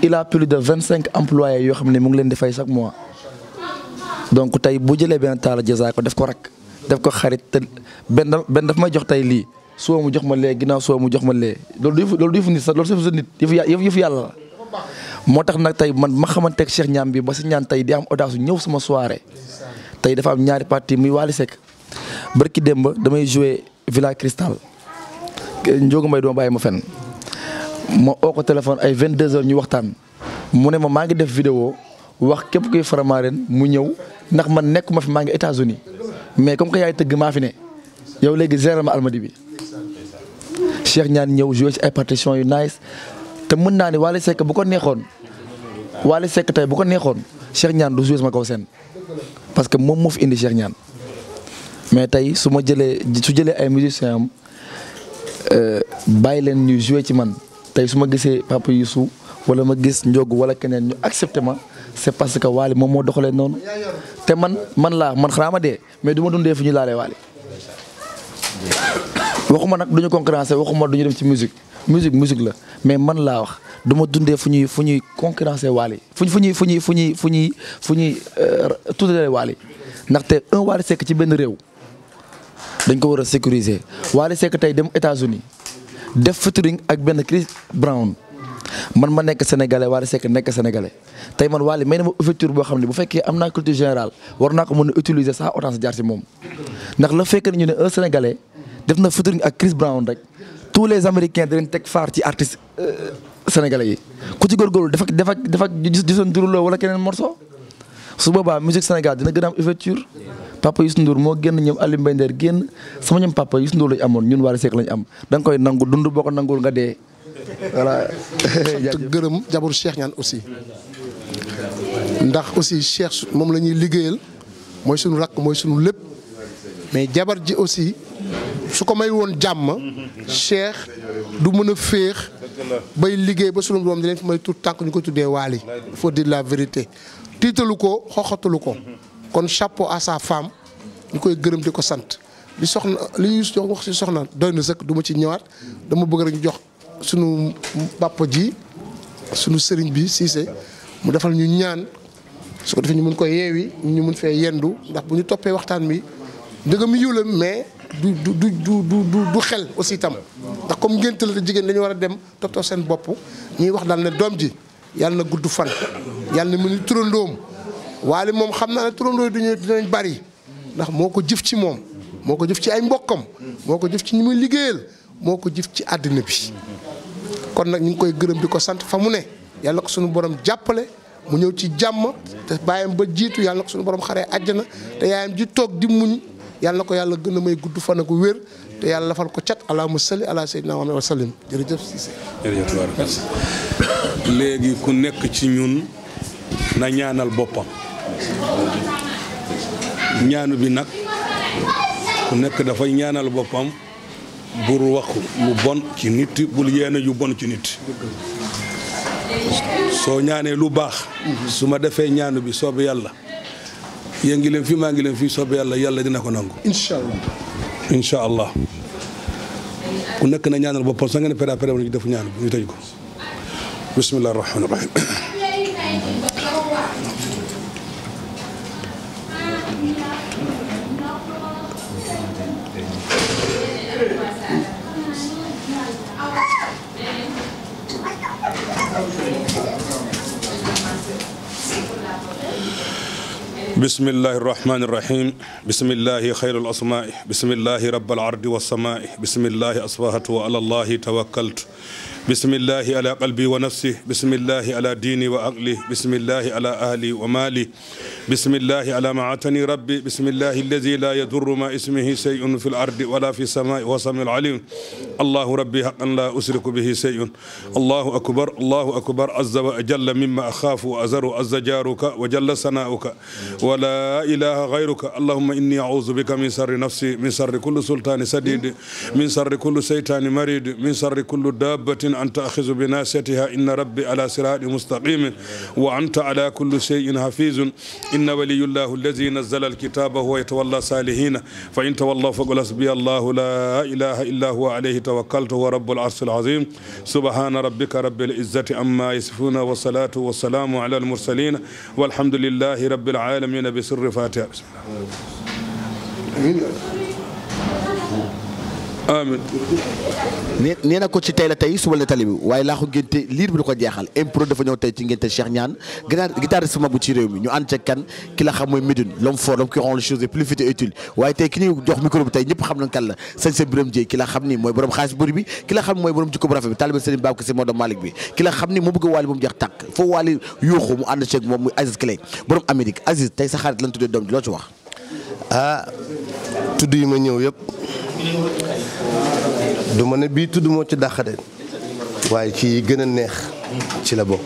il a plus de cinq employés yoo xam ne mu ngi leen di fay chaque mois donc tey bu jëlee benn taala jaza ko def ko rak def ko xarit te benn benn daf may jox tey lii soo mu jox ma lee ginnaaw soo mu jox ma lee loolu du yëfu nit sax yëfu yàlla la moo tax nag tey man ma xamanteeg Cheikh Niang bi ba si ñaan tey di am audace ñëw sama soirée tey dafa am ñaari partie muy Wally Seck barki démb damay jouer Villa Cristal Ndiogu Mbaye doo bàyyi ma fenn ma oo ko téléphone ay 22h ñu waxtaan mu ne ma maa ngi def vidéo wax képp kuy Faramareen mu ñëw ndax man nekkuma fi maa ngi États-Unis mais comme que yaay tëgg maa fi ne yow léegi gérer ma almadi bi Cheikh Niang ñëw jouer ci ay partition yu nice te mën naa ni Wally Seck bu ko neexoon Wally Seck tey bu ko neexoon Cheikh Niane du joué sama kaw seen parce que moom moo fi indi Cheikh Niane mais tey su ma jëlee su jëlee ay musiciens am euh, bàyyi leen ñuy joué ci man tey su ma gisee Papa Youssou wala ma gis Ndiogu wala keneen ñu accepté ma c'est parce que Wally moom moo doxalee noonu te man man laa man xanaa ma dee mais du ma dundee fu ñu laalee Wally waxuma nag du ñu concurrencé waxuma du ñu dem ci musique musique musique la mais man laa wax du ma dundee fu ñuy fu ñuy concurrencer Wally fu ñuy fu ñuy fu ñuy fu ñuy fu ñuy euh, tuddalee Wally ndaxte un Wally Seck ci benn réew dañ ko war a sécuriser Wally sekk tey dem États-Unis def featuring ak benn Chris Brown man ma nekk sénégalais Wally Seck nekk sénégalais tey man Wally may na ma ouverture boo xam ne bu fekkee am naa culture générale war naa ko mën a utiliser sans autant jaar moom ndax la fekkee na ñu ne un sénégalais def na featuring ak Chris Brown rek. tous les américains dinañ teg faar ci artiste euh, sénégalais yi ku ci góorgóorlu dafa dafa dafa gisoon duruloo wala keneen morso su boobaa musique Sénégal dina gën a am ouverture papa moo génn ñoom Aliou génn sama ñoom papa Youssou Ndour lañ amoon ñun Wally seek lañ am da koy nangu dund boo ko nangul nga dee voilà. sant *laughs* gërëm jabaru Cheikh ñaan aussi ndax aussi Cheikh moom la ñuy liggéeyal mooy sunu rakk mooy sunu lépp mais jabar su ko may woon jàmm. Cheikh du mën a féex. bay liggéey ba sunu doom di leen fi may tuut tànk ñu ko tuddee waali il di la vérité tiitalu ko xoxatalu ko. kon chapeau à sa femme. ñu koy gërëm di ko sant. li soxna li ñuy wax si soxna doy na sëkk du ma ci ñëwaat dama bëgg rek ñu jox sunu papa ji sunu sëriñ bi Cissé mu defal ñu ñaan su ko defee ñu mun ko yeewi ñu mun fee yendu ndax bu ñu toppee waxtaan wi dëgg mi yiw la mais. du du du du du xel aussi tam ndax comme ngénte la jigéen dañu war a dem toppatoo seen bopp ñuy wax daal ne doom ji yàlla na gudd fan yàlla na mu ni turandoom waale moom xam naa ne turandoo duñu dinañ bari ndax moo ko jëf ci moom moo ko jëf ci ay mbokkam moo ko jëf ci ñi muy liggéeyal moo ko jif ci àddina bi kon nag ñu ngi koy gërëm di ko sant fa mu ne yàlla ko suñu boroom jàppale mu ñëw ci jàmm te bàyyam ba jiitu yàlla ko suñu borom xaree na te yaayam ji yàlla ko yàlla gën a may gudd fan ko wér te yàlla lafal ko cat ala mu sali ala sayyidina Muhammad wa sallim jërëjëf Cissé. jërëjëf tubaarkalla léegi ku nekk ci ñun na ñaanal boppam ñaanu bi nag ku nekk dafay ñaanal boppam bur wax lu bon ci nit bul yéene yu bon ci nit. soo ñaanee lu baax. su ma defee ñaanu bi soob yàlla. yaa ngi leen fi maa ngi leen fi soobee yàlla yàlla dina ko nangu. incha allah incha allah ku nekk na ñaanal boppam sa ngeen péré péré ñu def ñaan ñu tëj ko bisimilah rahmaani rahim. bismillahi irrahmani irrahim bismillahi xayrul asmaai bismillahi rabbal ardi wasamaai bismillahi asbahatu wa ala allahi tawakkaltu bismillahi ala qalbi wa nafsi bismillahi ala diini wa aqli bismillahi ala ahli wa maali bismillahi ala maatani rabbi bismillahi alladi la yadurru ma ismihi shay'un fi lardi wala fi samai wa sami alalim allahu rabbi haqqan la usriku bihi shay'un allahu akbar allahu akbar azza wa jalla mimma axaafu wa azaru azza jaaruka wa jalla sanaauka wa la ilaha gayruka allahumma inni audu bika min sharri nafsi min sharri kulli sultaani sadid min sharri kulli shaytaani marid min sharri kulli dabbatin أن تأخذ بناستها إن ربي على صراط مستقيم وأنت على كل شيء حفيظ إن ولي الله الذي نزل الكتاب هو يتولى صالحين فإن تولوا فقل حسبي الله لا إله إلا هو عليه توكلت هو رب العرش العظيم سبحان ربك رب العزة عما يصفون والصلاة والسلام على المرسلين والحمد لله رب العالمين بسر فاتحة بسم الله amiin. nee na ko ci tey la tey suba la tali bi waaye laaxu ngénte liir bi du ko jeexal impro dafa ñëw tey ci ngénte Cheikh ñaan guitariste guitariste mag bu ci réew mi ñu ànd ca kan ki la xam mooy Médoune l'homme fort l'homme qui rend les choses les plus vite et utiles waaye ki ñuy jox xam nañ kan la sëñ ki la xam ni mooy borom xaalis bëri bi ki xam ni mooy borom jikko bu rafet bi taalibe Serigne Babacar Sy Maodo Malick bi ki xam ni moo bëgg Wally ba mu jeex tàkk foo Wally yuuxu mu ànd ceeg moom muy Aziz Clé borom Amérique Aziz ah, yi ma ñëw yëpp du ma ne bii tudd moo ci dàqade waaye ci gën a neex ci la bokk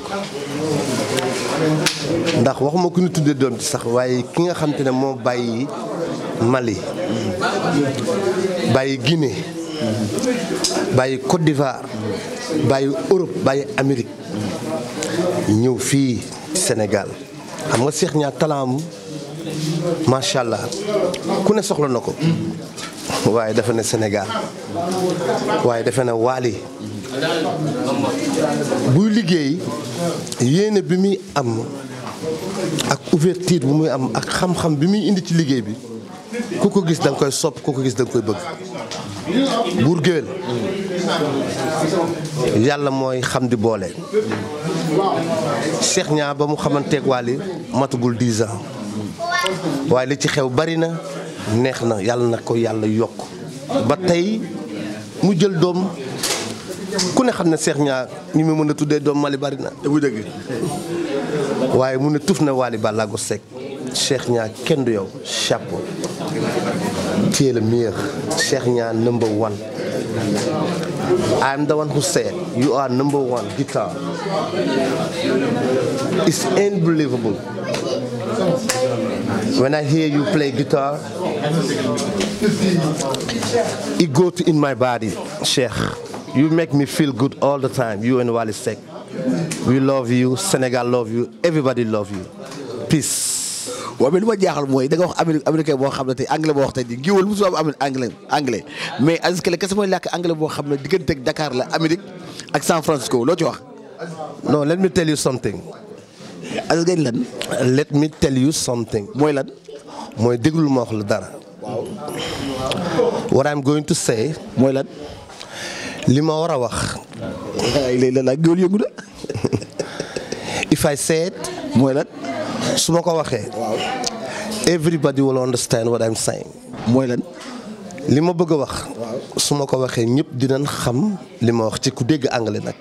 ndax waxuma ku ñu tuddee doom ci sax waaye ki nga xam ne moo bàyyi Mali bàyyi Guinée bàyyi Côte d'Ivoire bàyyi Europe bàyyi Amérique ñëw fii Sénégal am nga Cheikh ñaa talaam macha allah ku ne soxla na ko waaye dafa ne Sénégal waaye dafa ne Waly buy liggéey yéene bi muy am ak ouverture bu muy am ak xam-xam bi muy indi ci liggéey bi ku ko gis da koy sopp ku ko gis da koy bëgg buur géwél yàlla mooy xam di boole Cheikh ñaa ba mu xamanteeg Waly matagul 10 ans waaye li ci xew bari na neex na yàlla na ko yàlla yokk ba tey mu jël doom ku ne xam ne Cheikh Niang ñu mu mën a tuddee doom Mali bari na bu dëgg waaye mu ne tuf na Wally Ballago Seck Cheikh Niang kenn du yow chapeau tu es le meilleur Cheikh Niang number one I am the one who said you number one guitar it's unbelievable When I hear you play guitar, it goes in my body, Cheikh. You make me feel good all the time, you and Wally Seck. We love you, Sénégal love you, everybody love you. Peace. waaw mais li ma jaaxal mooy da nga wax américain américain boo xam ne tey anglais boo wax tey jii géwël musu am am anglais anglais mais Aziz Kele kese mooy làkk anglais boo xam ne diggante ak Dakar la Amérique ak San Francisco loo ci wax. non let me tell you something. Aziz Gaye lan. let me tell you something. mooy lan. mooy déglul ma wax la dara. waaw. what I'm going to say. mooy lan. li ma war a wax. léegi la laaj góor *laughs* mooy lan. su ma ko waxee. waaw. everybody will understand mooy lan. li ma bëgg a wax. su ma ko waxee ñëpp dinañ xam li ma wax ci ku dégg anglais nag.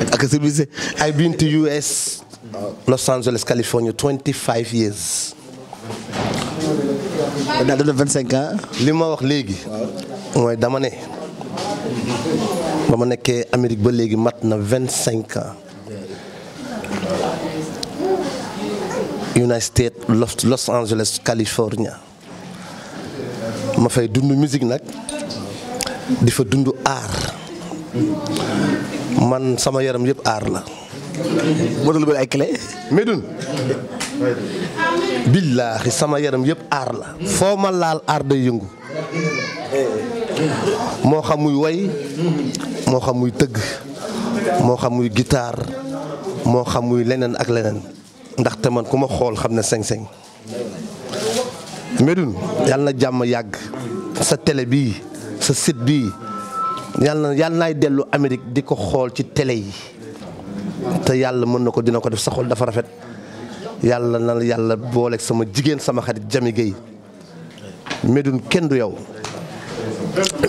ak can say, I've been to US, Los Angeles, California, 25 years. daal def na li ma wax léegi. mooy dama ne. ba ma nekkee Amérique ba léegi mat na 25 ans. United States Los Los Angeles California. ma fay dund musique nag. di fa dund art. man sama yaram yëpp aar la. boo doon bëri ay clé. Médoune. billaahi sama yaram yëpp aar la. foo ma laal aar day yëngu. moo xam muy way. moo xam muy tëgg. moo xam muy guitare. moo xam muy leneen ak leneen. ndaxte man ku ma xool xam ne seng-seng. Médoune yàlla na jàmm yàgg. sa télé bii sa site bii. yàlla na yàlla naay dellu Amérique di ko xool ci télé yi te yàlla mën na ko dina ko def sa xol dafa rafet yàlla na yàlla booleek sama jigéen sama xarit Jami Guèye Médoune kenn du yow.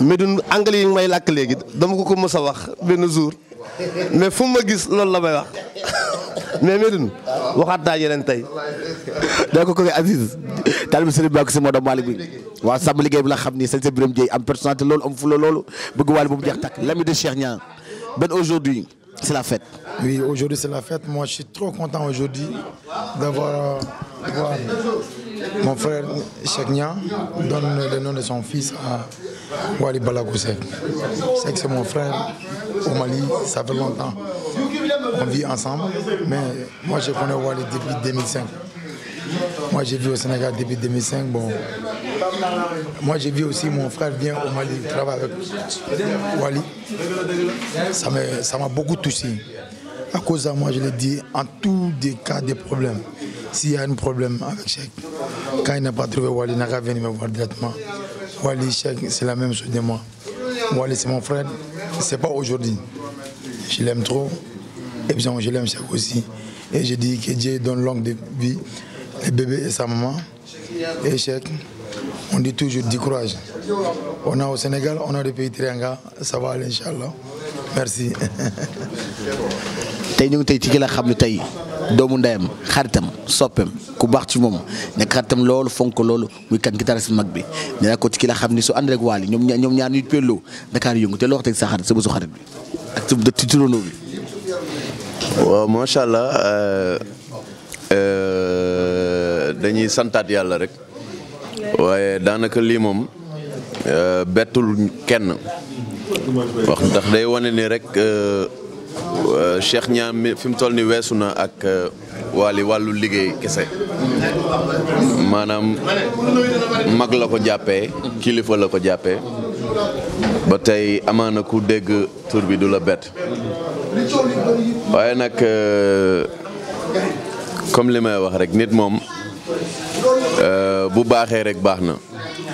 Médoune anglais yi may làkk léegi dama ko ko mës a wax benn jour mais fu ma gis loolu la may wax. mais Médoune waxaat naa yeneen tey. da ko koy Aziz. taalibu Serigne Bakk si Maodo Malick bi waaw sàmm liggéey bi la xam ni sëñ sa Birame Dieye am personnalité loolu am fula loolu bëgg waale bu mu jeex tàkk l'ami de Cheikh Niang ben aujourd'hui c'est la fête. oui aujourd'hui c'est la fête moi je suis trop content aujourd'hui d'avoir euh, voir mon frère Cheikh Niang donne le nom de son fils à Wally Ballago Seck. Seck c'est mon frère au Mali ça fait longtemps. on vit ensemble. Mais moi, je connais Wally depuis 2005. Moi, j'ai vu au Sénégal aussi mon frère vient au Mali, il avec Wally. Ça m'a beaucoup touché. À cause de moi, je le dis, en tous les cas des problèmes, s'il y a un problème avec Cheikh, quand il n'a pas trouvé Wally, n'a qu'à venir me voir directement. Wally, Cheikh, c'est la même chose de moi. Wally, c'est mon frère. C'est pas aujourd'hui. Je l'aime trop. Et puis je l'aime aussi. Et je di que Dieu donne longue de vie, le bébé sa maman. Et Cheikh, on dit toujours du courage. On a au Sénégal, on a des pays triangles, ça va aller, Inch'Allah. merci. tey ñu ngi tey ci ki la xam ne tey doomu ndeyam xaritam soppeem ku baax ci moom nekk xaritam loolu fonk loolu muy kan guitariste mag bi nee ko ci ki la xam ni su ànd rek waali ñoom ñoom ñaar ñuy pelloo te loo wax sa xarit sa bësu xarit bi. waaw macha allah euh, euh, dañuy santaat yàlla rek waaye daanaka lii moom euh, bettul kenn wax ndax day wane ni rek Cheikh Niang fi mu toll ni weesu na ak wali wàllu liggéey kese maanaam mag la ko jàppee kilifa la ko jàppee ba tey amaana ku dégg tur bi du la bett waaye nag euh, comme li may wax rek nit moom euh, bu baaxee rek baax na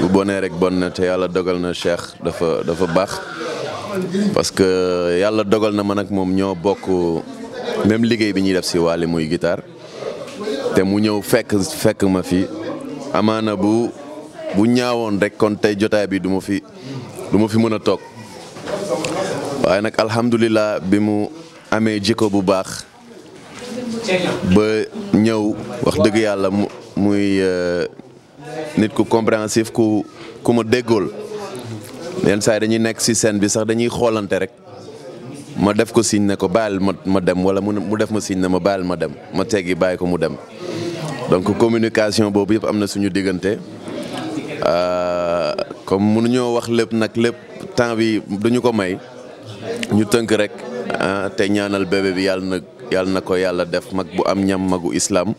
bu bonee rek bon na te yàlla dogal na Cheikh dafa dafa baax parce que yàlla dogal na man ak moom ñoo bokk même liggéey bi ñuy def si wàlli muy guitare te mu ñëw fekk fekk ma fi amaana bu bu ñaawoon rek kon tey jotaay bi duma fi duma fi mën a toog waaye nag alhamdulilah bi mu. amee jikko bu baax ba ñëw wax dëgg yàlla muy euh, nit ku compréhensif ku ku ma déggool yenn saa yi dañuy nekk ci scène bi sax dañuy xoolante rek ma def ko signe ne ko baal ma ma dem wala mu def ma signe ne ma baal ma dem ma teggi bàyyi ko mu dem donc communication boobu yëpp am na suñu diggante euh, comme mënuñoo wax lépp nag lépp temps bi duñu ko may ñu tënk rek Ah, te ñaanal bébé bi yàlla na yàlla na ko yàlla def mag bu am ñam magu islam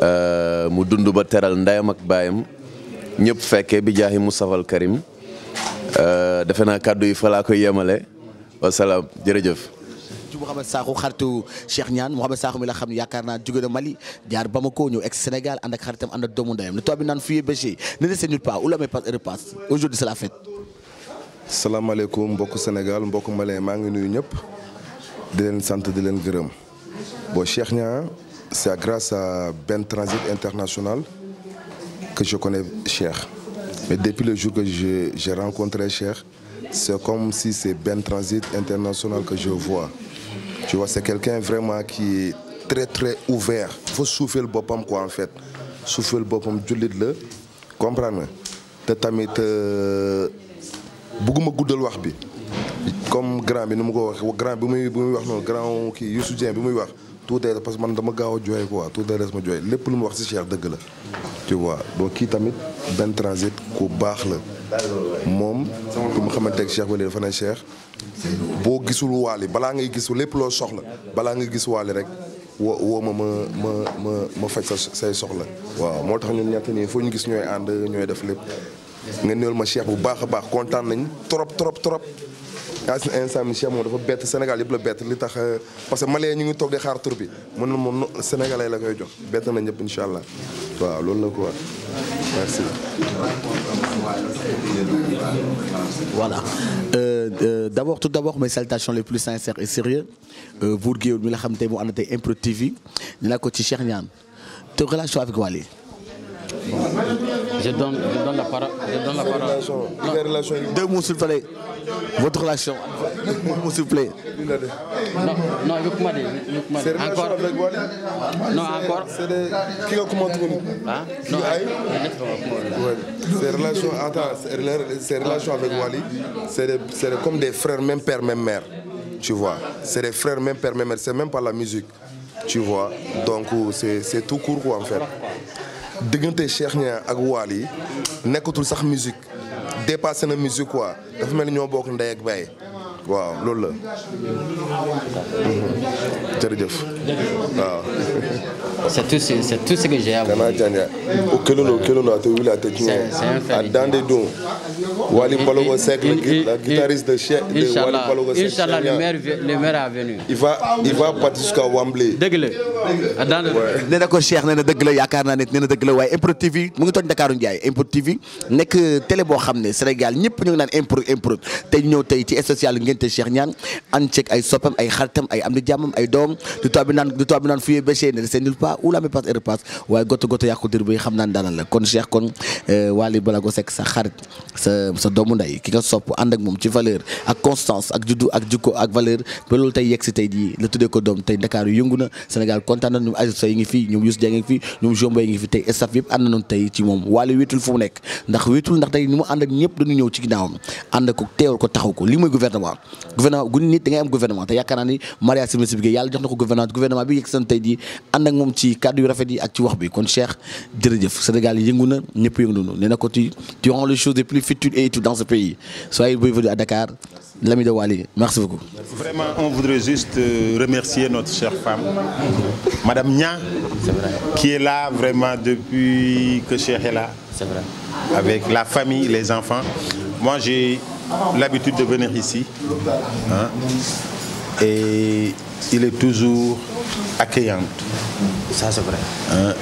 ah, mu dund ba teral ndeyam baayam ñëpp fekke bi jaahi Mustafal Karim ah, defe naa kàddu yi fa laa koy yemale wasalaam jërëjëf. Mouhamed Sakho xaritu Cheikh Niane Mouhamed Sakho mi la xam ne yaakaar naa jóge na Mali jaar ko ñëw ex Sénégal ànd ak xaritam ànd ak doomu ndeyam ne tubaab bi naan fuyee bêché ne laissez nulle part où la may passe repasse la fête salaamaaleykum mbokku Sénégal mbokku Malien maa ngi nuyu ñëpp di leen sant di leen gërëm bon Cheikh Niang c' est grâce à Ben Transit International que je connais Cheikh mais depuis le jour que j'ai j'ai rencontré Cheikh c'est comme si c'est Ben Transit International que je vois tu vois c'est quelqu'un vraiment qui est très très ouvert dafa suufeel boppam quoi en fait suufeel boppam jullit la comprendre te tamit euh, bëgguma guddal wax bi comme grand bi nu mu ko wax grand bi muy bi wax noonu grand kii su Dieng bi muy wax tout day parce que man dama gaaw a jooy quoi tout day ma jooy lépp lu mu wax si Cheikh dëgg la tu vois donc kii tamit benn transit ku baax la moom bu mu xamante ak Cheikh wala dafa ne Cheikh boo gisul waali balaa ngay gis lépp loo soxla balaa nga gis waali rek wo woo ma ma ma ma ma faj sa say soxla waaw moo tax ñun ñett nii foo ñu gis ñooy ànd ñooy def lépp nga nuyul ma Cheikh bu baax a baax kontaan nañ trop trop trop. as instant mi Cheikh moom dafa bett Sénégal yëpp la bett li tax euh, parce que Malien ñu ngi toog di xaar tur bi mu ne moom Sénégalais la koy jox bet na ñëpp incha allah waaw loolu la ko war merci. voilà euh, euh d' abord tout d' abord mes salutations les plus sincères et sérieux euh, buur mi la xam tey mu ànd tey MPROD TV ñu ci Cheikh ñaan te relation avec Wally Je donne, je donne la parole. Je donne la parole. Relation, deux mots s'il vous plaît. Votre relation. Deux mots s'il vous plaît. Non, non, il veut que moi dise, il veut que moi dise. Encore. Non, encore. C'est des... Qui a commenté Hein? Ah, non. Ces relations, attends, ces relations avec ah. Wally, c'est des, c'est comme des frères, même père, même mère. Tu vois, c'est des frères, même père, même mère. C'est même pas la musique. Tu vois, donc c'est tout court quoi en fait. diggante Cheikh Niang ak yi nekkatul sax musique dépassé na musique quoi dafa mel ni ñoo bokk ndey ak baay waaw loolu la. jërëjëf waaw. c'est tout c'est tout ce que j'ai à vous. o kelen don o kelen don a tɛ wuli a tɛ tiɲɛ a dan de don wali balogo siècle la guitariste de chef de wali balogo siècle inchallah le maire le maire est venu il va il va partir jusqu'à Wembley dëgg la a dan nee na ko Cheikh nee na dëgg la yaakaar naa ne nee na dëgg la waaye Impro TV mu ngi toj Ndakaaru Ndiaye Impro TV nekk télé boo xam ne Sénégal ñëpp ñu ngi naan impro impro tey ñëw tey ci social ngénte Cheikh Niane ànd ceeg ay soppam ay xaritam ay am di jàmmam ay doomam du toit bi naan du toit bi naan fuyee béchee ne c'est nulle part où la passe et repasse waaye goto goto yàqu dir bi xam naa daanal la kon Cheikh kon euh, Wally Ballago Seck sa xarit sa doomu ndey ki nga sopp ànd moom ci valeur ak constance ak juddu ak jikko ak valeur ba loolu tey yegg tey jii la tuddee ko doom tey Dakar yëngu na Sénégal kontaan na ñoom Aziz Sy yi tey staff am gouvernement te yaakaar naa ni Maria Sy Mbissi Guèye yàlla jox na ko gouvernement gouvernement bi yegg si tey jii ànd moom ci kàddu yu rafet yi ak ci wax bi kon Cheikh jërëjëf Sénégal yëngu na ñëpp yëngu na nee na ko tu tu rends les choses les plus futures et tout dans ce pays soyez bienvenue à Dakar l'ami merci beaucoup. on voudrait juste euh, remercier notre chère femme *laughs* Madame Nia. qui est là vraiment depuis que Cheikh est là. avec la famille les enfants moi j'ai l'habitude de venir ici hein, et il est toujours accueillant. ça c'est vrai. Hein,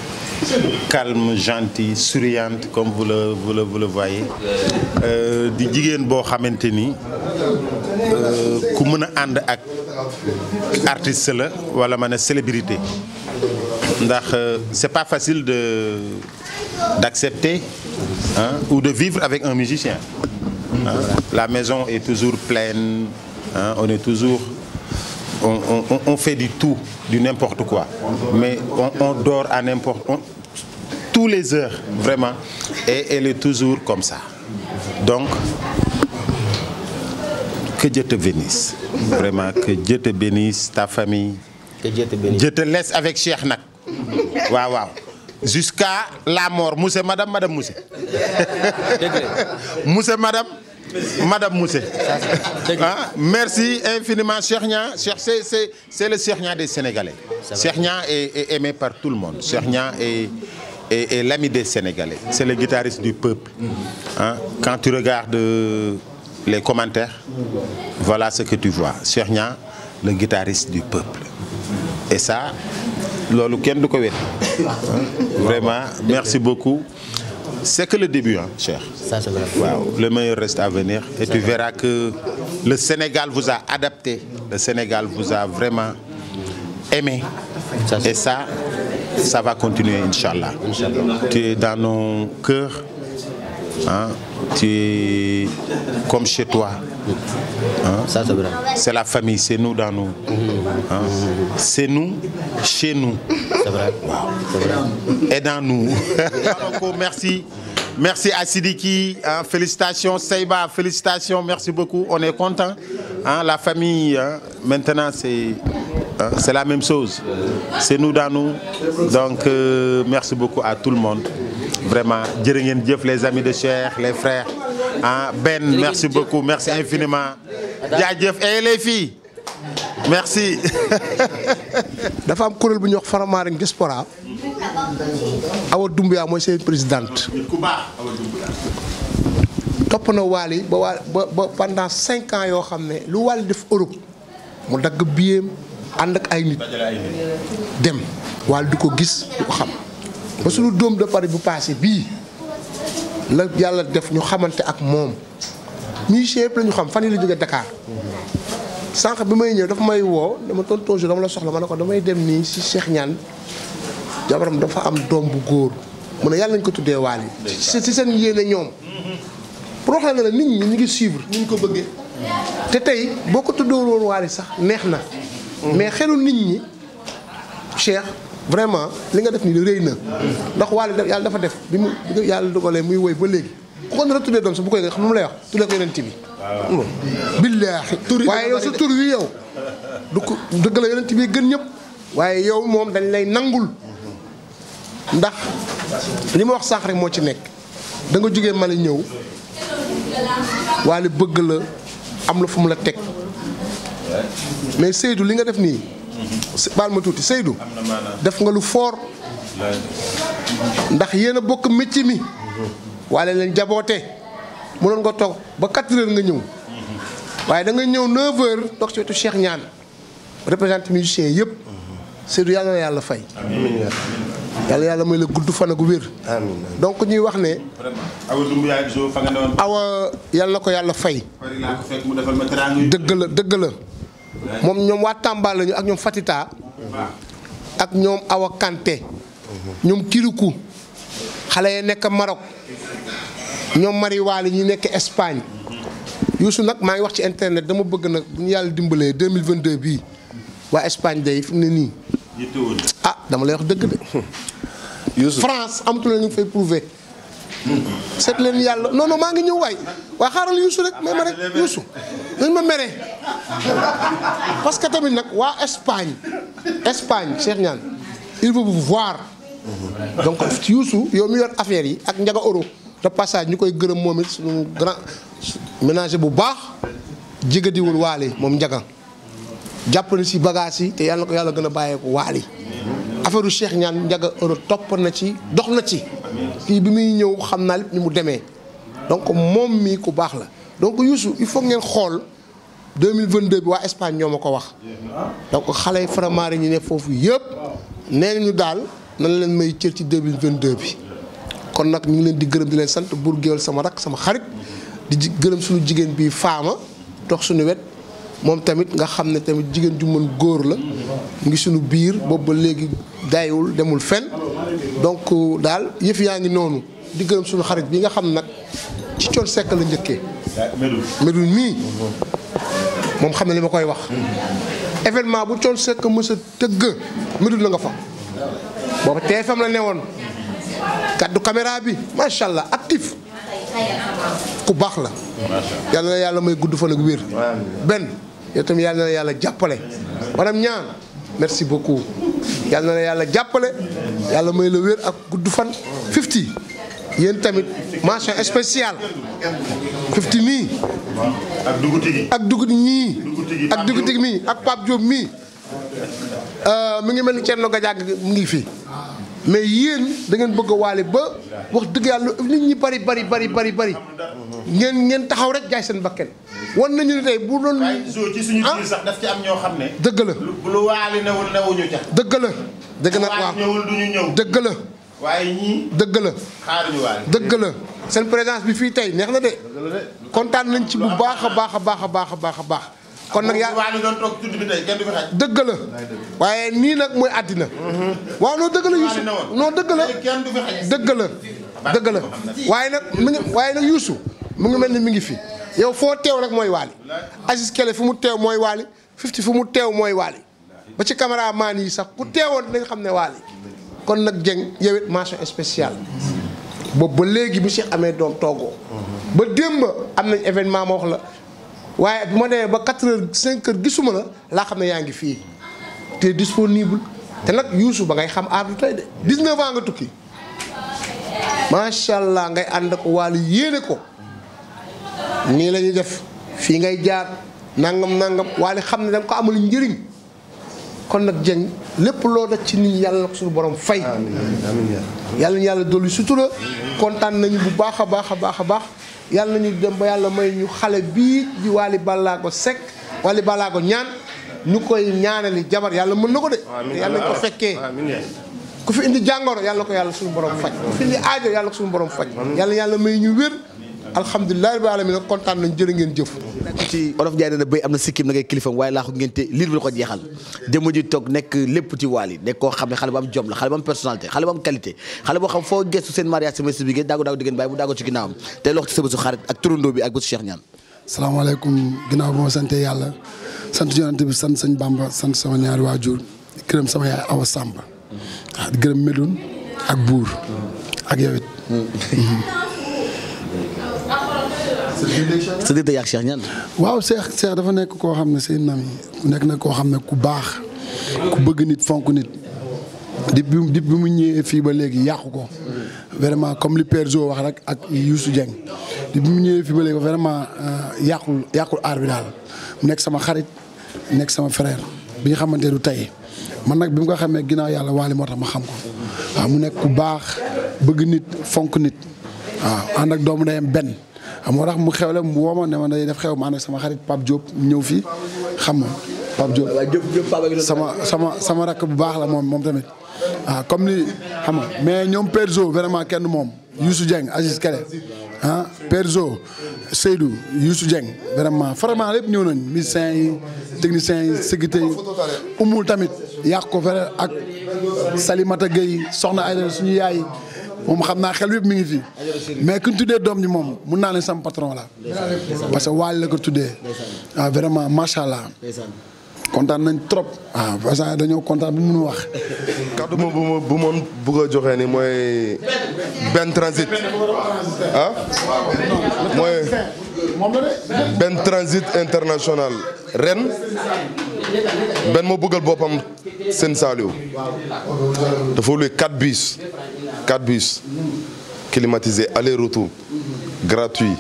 calme gentille souriante comme vous le vous le voyez euh, di jigéen boo xamante ni euh, ku mën a ànd ak artiste la wala ma ne célébrité ndax euh, c'est pas facile de d'accepter hein, ou de vivre avec un musicien la maison est toujours pleine on est toujours on, on, on fait du tout, du n'importe quoi. Mais on, on dort à n'importe quoi. Tous les heures, vraiment. Et elle est toujours comme ça. Donc, que Dieu te Vraiment, que Dieu te bénisse, ta famille. Que Dieu te bénisse. Dieu te laisse avec Cheikh Nak. Waouh, Jusqu'à la mort. Moussé, madame, madame, Moussé. Moussé, madame. Madame Moussé. ah merci infiniment Cheikh Niang Cheikh c'est c'est c'est le Cheikh des Sénégalais. Cheikh Niang est, est par tout le monde Cheikh Niang est est, des Sénégalais. c'est le guitariste du peuple. ah quand tu regardes euh, les commentaires voilà ce que tu vois Cheikh Niang le guitariste du peuple et ça loolu kenn du ko wet *laughs* vraiment merci beaucoup. c'est que le début hein, cher. Ça c'est vrai. waaw le meilleur reste à venir. et tu verras que le Sénégal vous a adapté. le Sénégal vous a vraiment aimé. Ça, et ça ça va continuer inchallah. inchallah. tu es dans nos cœurs ah tu es comme chez toi. Ça, c'est vrai. C'est la famille, c'est nous dans nous. Mhm. Hein? C'est nous, chez nous. C'est vrai. Wow. Et dans nous. merci. Merci à Sidiki, hein, félicitations Seiba, félicitations, merci beaucoup, on est content. Hein, la famille, hein, maintenant c'est c'est la même chose. C'est nous dans nous. Donc euh, merci beaucoup à tout le monde. Vraiment, jërë ngeen jëf les amis de Cheikh, les frères. Ah, benn merci beaucoup merci infiniment jaajëf eh les filles merci. *laughs* dafa am kuréel bu ñuy wax Faramaren Diaspora Awa Doumbia mooy seen présidente. topp na Wally ba waa ba ba cinq ans yoo xam ne lu Wally def Europe mu dagg biyeem ànd ak ay nit. dem Wally du ko gis du ko xam ba suñu doom de Paris bu passé bii. la yàlla def ñu xamante ak moom musicien yëpp lañu xam fan yi la jógee Dakar sànq bi may ñëw dafa may woo dama tonton jour dama la soxla ma ne ko damay dem nii si Cheikh Niane jabaram dafa am doom bu góor mu ne yàlla nañ ko tuddee waal yi si seen yéene ñoom pour wax la ne la nit ñi ñu ngi suivre ñu ko bëggee te tey boo ko tuddee woon waal yi sax neex na mm-hmm. mais xelu nit ñi Cheikh vraiment li nga def nii rëy na ndax Wally yàlla dafa def bi mu yàlla dogalee muy woy ba léegi ku ko nar a tuddee doom sa bu koy nga xam nu mu lay wax tuddee ko yonent bi billaahi tur waaye yow sa tur wi yow du ko dëgg la yonent bi gën ñëpp waaye yow moom dañ lay nangul ndax li ma wax sànq rek moo ci nekk da nga jógee Mali ñëw Wally bëgg la am la fu mu la teg mais Seydou li nga def nii baal ma tuuti Seydou def nga lu foor ndax yéen a bokk métier mi waale leen jaboote mënoon nga toog ba 4 heures nga ñëw waaye da ñëw 9 heures toog ci wetu Cheikh Niane représenté musicien yëpp Seydou yàlla na yàlla fay yàlla yàlla may la gudd fan ak wér donc ñuy wax ne awa yàlla na ko yàlla fay dëgg la dëgg la moom ñoom waa Tamba lañu ak ñoom Fatita ak ñoom Awa ñoom Kirikou xale ya nekk Maroc ñoom Mari Waali ñi nekk Espagne Youssou nag maa ngi wax ci internet dama bëgg nag bu ñu yàlla dimbalee 2022 bii waa Espagne day fi mu ne nii ah dama lay wax dëgg de France amatu la ñu fay prouver seet leen yàlla non maa ngi ñëw waay waa xaaral Youssou rek may ma rek Youssou nañ ma mere parce que tamit nag waa Espagne Espagne Cheikh Niane il veut vous voir. donc Youssou yow mi yor affaire yi ak Ndiaga Euro de passage ñu koy gërëm moom it suñu grand ménager bu baax jigadiwul waale moom njaga jàpp na si bagage yi te yàlla ko yàlla gën a bàyyeeku waali affaire u Cheikh Niane Ndiaga Euro topp na ci dox na ci kii bi muy ñëw xam naa lépp ni mu demee donc moom mii ku baax la donc Youssou il faut ngeen xool 2022 bi waa Espagne ñoo ma ko wax donc xale yi faramaare ñi ne foofu yëpp nee ñu daal nan leen may cër ci 2022 bi kon nag ñu ngi leen di gërëm di leen sant buur géwél sama rak sama xarit di gërëm suñu jigéen bi faama toog suñu wet moom tamit nga xam ne tamit jigéen ju mën góor la ngi suñu biir boobu ba léegi dayiwul demul fen donc daal yëf yaa ngi noonu di gërëm suñu xarit bi nga xam nag ci coon sekk la njëkkee medul mii moom xam na li ma koy wax événement bu Thione Seck mës a tëgg Médina nga fa boobu TFM la ne woon kaddu caméra bi macha allah actif ku baax la yàlla yàlla may gudd fan ak wér benn yow tamit yàlla yàlla jàppale madame ñaan merci beaucoup yàlla na yàlla jàppale yàlla may la wér ak gudd fan 50 yéen tamit mention spéciale fifty mii ak duguti ak duguti ñii ak duguti mii ak Pape Diop mii euh, mi ngi mel ni a Gadiaga mu ngi fii mais yéen dangeen bëgg a waale ba wax dëgg yàlla nit ñi bari bari bari bari bari ngeen ngeen taxaw rek jaay seen bakken wan nañu ne tey bu doon. ay ci suñu ah biir sax daf ci am ñoo xam ne. dëgg la lu waali newul newuñu dëgg la dëgg nag waaw dëgg la. waaye dëgg la xaaruñu waaye. dëgg la seen présence bi fii tey neex na de. kontaan nañ ci bu baax a baax a baax a baax a baax a baax. kon nag yaa waaye doon toog tudd bi tey la waaye nii nag mooy àddina. Mhm. waaw non dëgg la Youssou non dëgg la kenn du fi la dëgg la waaye nag mi ngi waaye nag Youssou mu ngi mel ni mi ngi fi yow foo teew rek mooy waali. Aziz Kele fu mu teew mooy waali Fifty fu mu teew mooy waali ba ci caméraman yi sax ku teewoon dinañ xam ne waali. kon nag Dieng yow it mention spéciale boobu ba léegi bu Cheikh amee doom toogoo. ba démb am nañ événement ma wax la waaye bu ma demee ba 4 heures 5 heures gisuma la laa xam ne yaa ngi fii te disponible te nag Youssou ba ngay xam aar lu tey de 19 ans nga tukki macha ngay ànd ko waali yéene ko nii lañuy def fii ngay jaar nangam nangam waale xam ne danga ko amul njëriñ. kon nag Dieng lépp loo daj ci nit ñi yàlla na ko suñu borom fay. yàlla na yàlla dolli sutura. kontaan nañu bu baax a baax a baax a baax yàlla nañu dem ba yàlla may ñu xale bii di ko Ballago Seck Wally ko ñaan ñu koy ñaanali jabar yàlla mën na ko de. te yàlla nañ ko fekkee. ku fi indi jàngoro yàlla ko yàlla suñu borom faj. ku fi indi aajo yàlla ko suñu borom faj. yàlla yàlla may ñu wér. alhamdulilah rabbil alamin kontaan nañ jërë ngeen jëf ci olof Njaay na béy am na sikkim na ngay kilifam waaye laa ko ngeen te liir bi ko jeexal jëmm ji toog nekk lépp ci waal yi nekk koo xam ne xale bu am jom la xale bu am personnalité xale bu am qualité xale boo xam foo gestu seen mariage sama si bigée daago daago diggéen bàyyi mu daago ci ginnaawam tey loxo ci sa bésu xarit ak turandoo bi ak bésu Cheikh Ñaan salaamaaleykum ginnaaw ba ma sante yàlla sama ñaari gërëm sama yaay *laughs* sa diggante ak Cheikh waaw Cheikh Cheikh dafa nekk koo xam ne seen nam yi nekk na koo xam ne ku baax ku bëgg nit fonk nit dip bi dip mu ñëwee fii ba léegi yàqu ko vraiment comme li Père Jo wax rek ak Youssou Dieng bi mu ñëwee fii ba vraiment euh, yàqul yàqul aar bi daal nekk sama xarit nekk sama frère bi nga xamante du tey man nag bi mu ko xamee ginnaaw yàlla waali moo tax ma xam ko waaw mu nekk ku baax bëgg nit fonk nit waaw ànd ak doomu ndeyam benn moo tax mu xew xewle mu woo ma ne ma day def xew ma ànd ak sama xarit Pape Diop ñëw fii xam nga Pape Diop sama sama sama rakk bu baax la moom moom tamit waaw ah, comme ni xam na mais ñoom Perzo vraiment kenn moom Youssou Dieng Aziz Kale ah Perzo Seydou Youssou Dieng vraiment vraiment lépp ñëw nañ musiciens yi techniciens yi sécurité yi umul tamit yàq ko ak Salimata Gueye soxna Aïda suñu yaay moom xam naa xel yëpp mi ngi fi mais ku ñu tuddee doom ji moom mun naa leen sam patron la parce que Wally la ko tuddee waaw vraiment macha allah kontaan nañ trop waaw parce que dañoo kontaan bu mënu wax kàddu moom bu moom bëgg joxee ni mooy benn transit ah mooy benn transit international ren benn moo bëggal boppam seen Saliou dafa luy 4 bis 4 bus climatisés aller-retour gratuit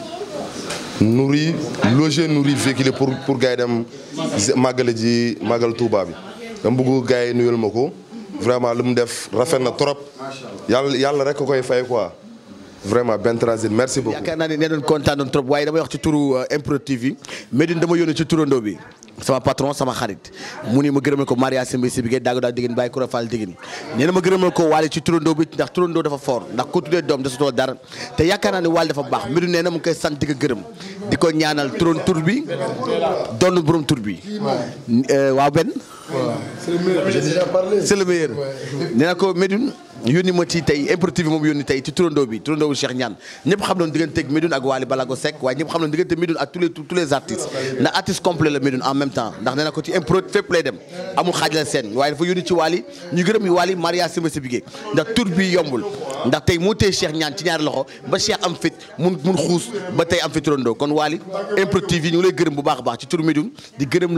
nourri logé nourri véhiculé pour pour gars yi dem màggale ji magal Touba bi dama bëgg gars yi nuyul ma ko vraiment lu mu def rafet na trop yàlla yàlla rek koy fay quoi vraiment benn transit merci beaucoup. yaakaar naa ne nee doon trop waaye dama wax ci turu euh, MPROD TV Médine dama yónnee ci turandoo bi. sama patron sama xarit mu ni ma gërëmal ko Maria Simbi si bi ngay daago daa diggin bàyyi Koura Fall diggin nee na ma gërëmal ko Wally ci turandoo bi ndax turandoo dafa fort ndax ko tuddee doom desutoo dara te yaakaar naa ne Wally dafa baax mbiru nee na mu ngi koy sant gërëm di ko ñaanal turoon tur bi doon borom tur bi euh, waaw benn c'est le meilleur nee na ko Médoune yónni ma ci tey improtive bi moom yónni tey ci turandoo bi turandoo bu Cheikh Niane ñëpp xam nañu diggante ak ak Waly Balago Seck waaye ñëpp xam nañu diggante Médoune ak tous les artistes ndax artiste complet la Médoune en même temps ndax nee ko ci impro fépp lay dem amul xaajal seen waaye dafa yónni ci Waly ñu gërëm yu Waly Maria Sima Sibigé ndax tur bi yombul ndax tey moo téye Cheikh Niane ci ñaari loxo ba Cheikh am fit mun xuus ba tey am fit turandoo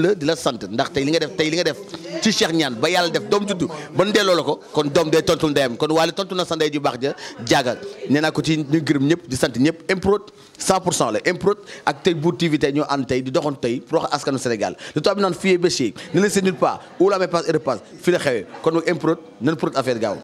la di la sant li nga def tey li nga def ci Cheikh ba yàlla def doom juddu ba ñu kon doom day kon Wally tontu na sa ndey baax ja jaaga nee naa ko ci ñu gërëm ñëpp di sant ñëpp improt 100 pour cent la improt ak tey Mbour TV tey ñoo ànd tey di doxantu tey pour wax askanu Sénégal lu tax bi naan fiyee béchee ne leen c'est nulle part où la mais passe et kon nag improt nan gaaw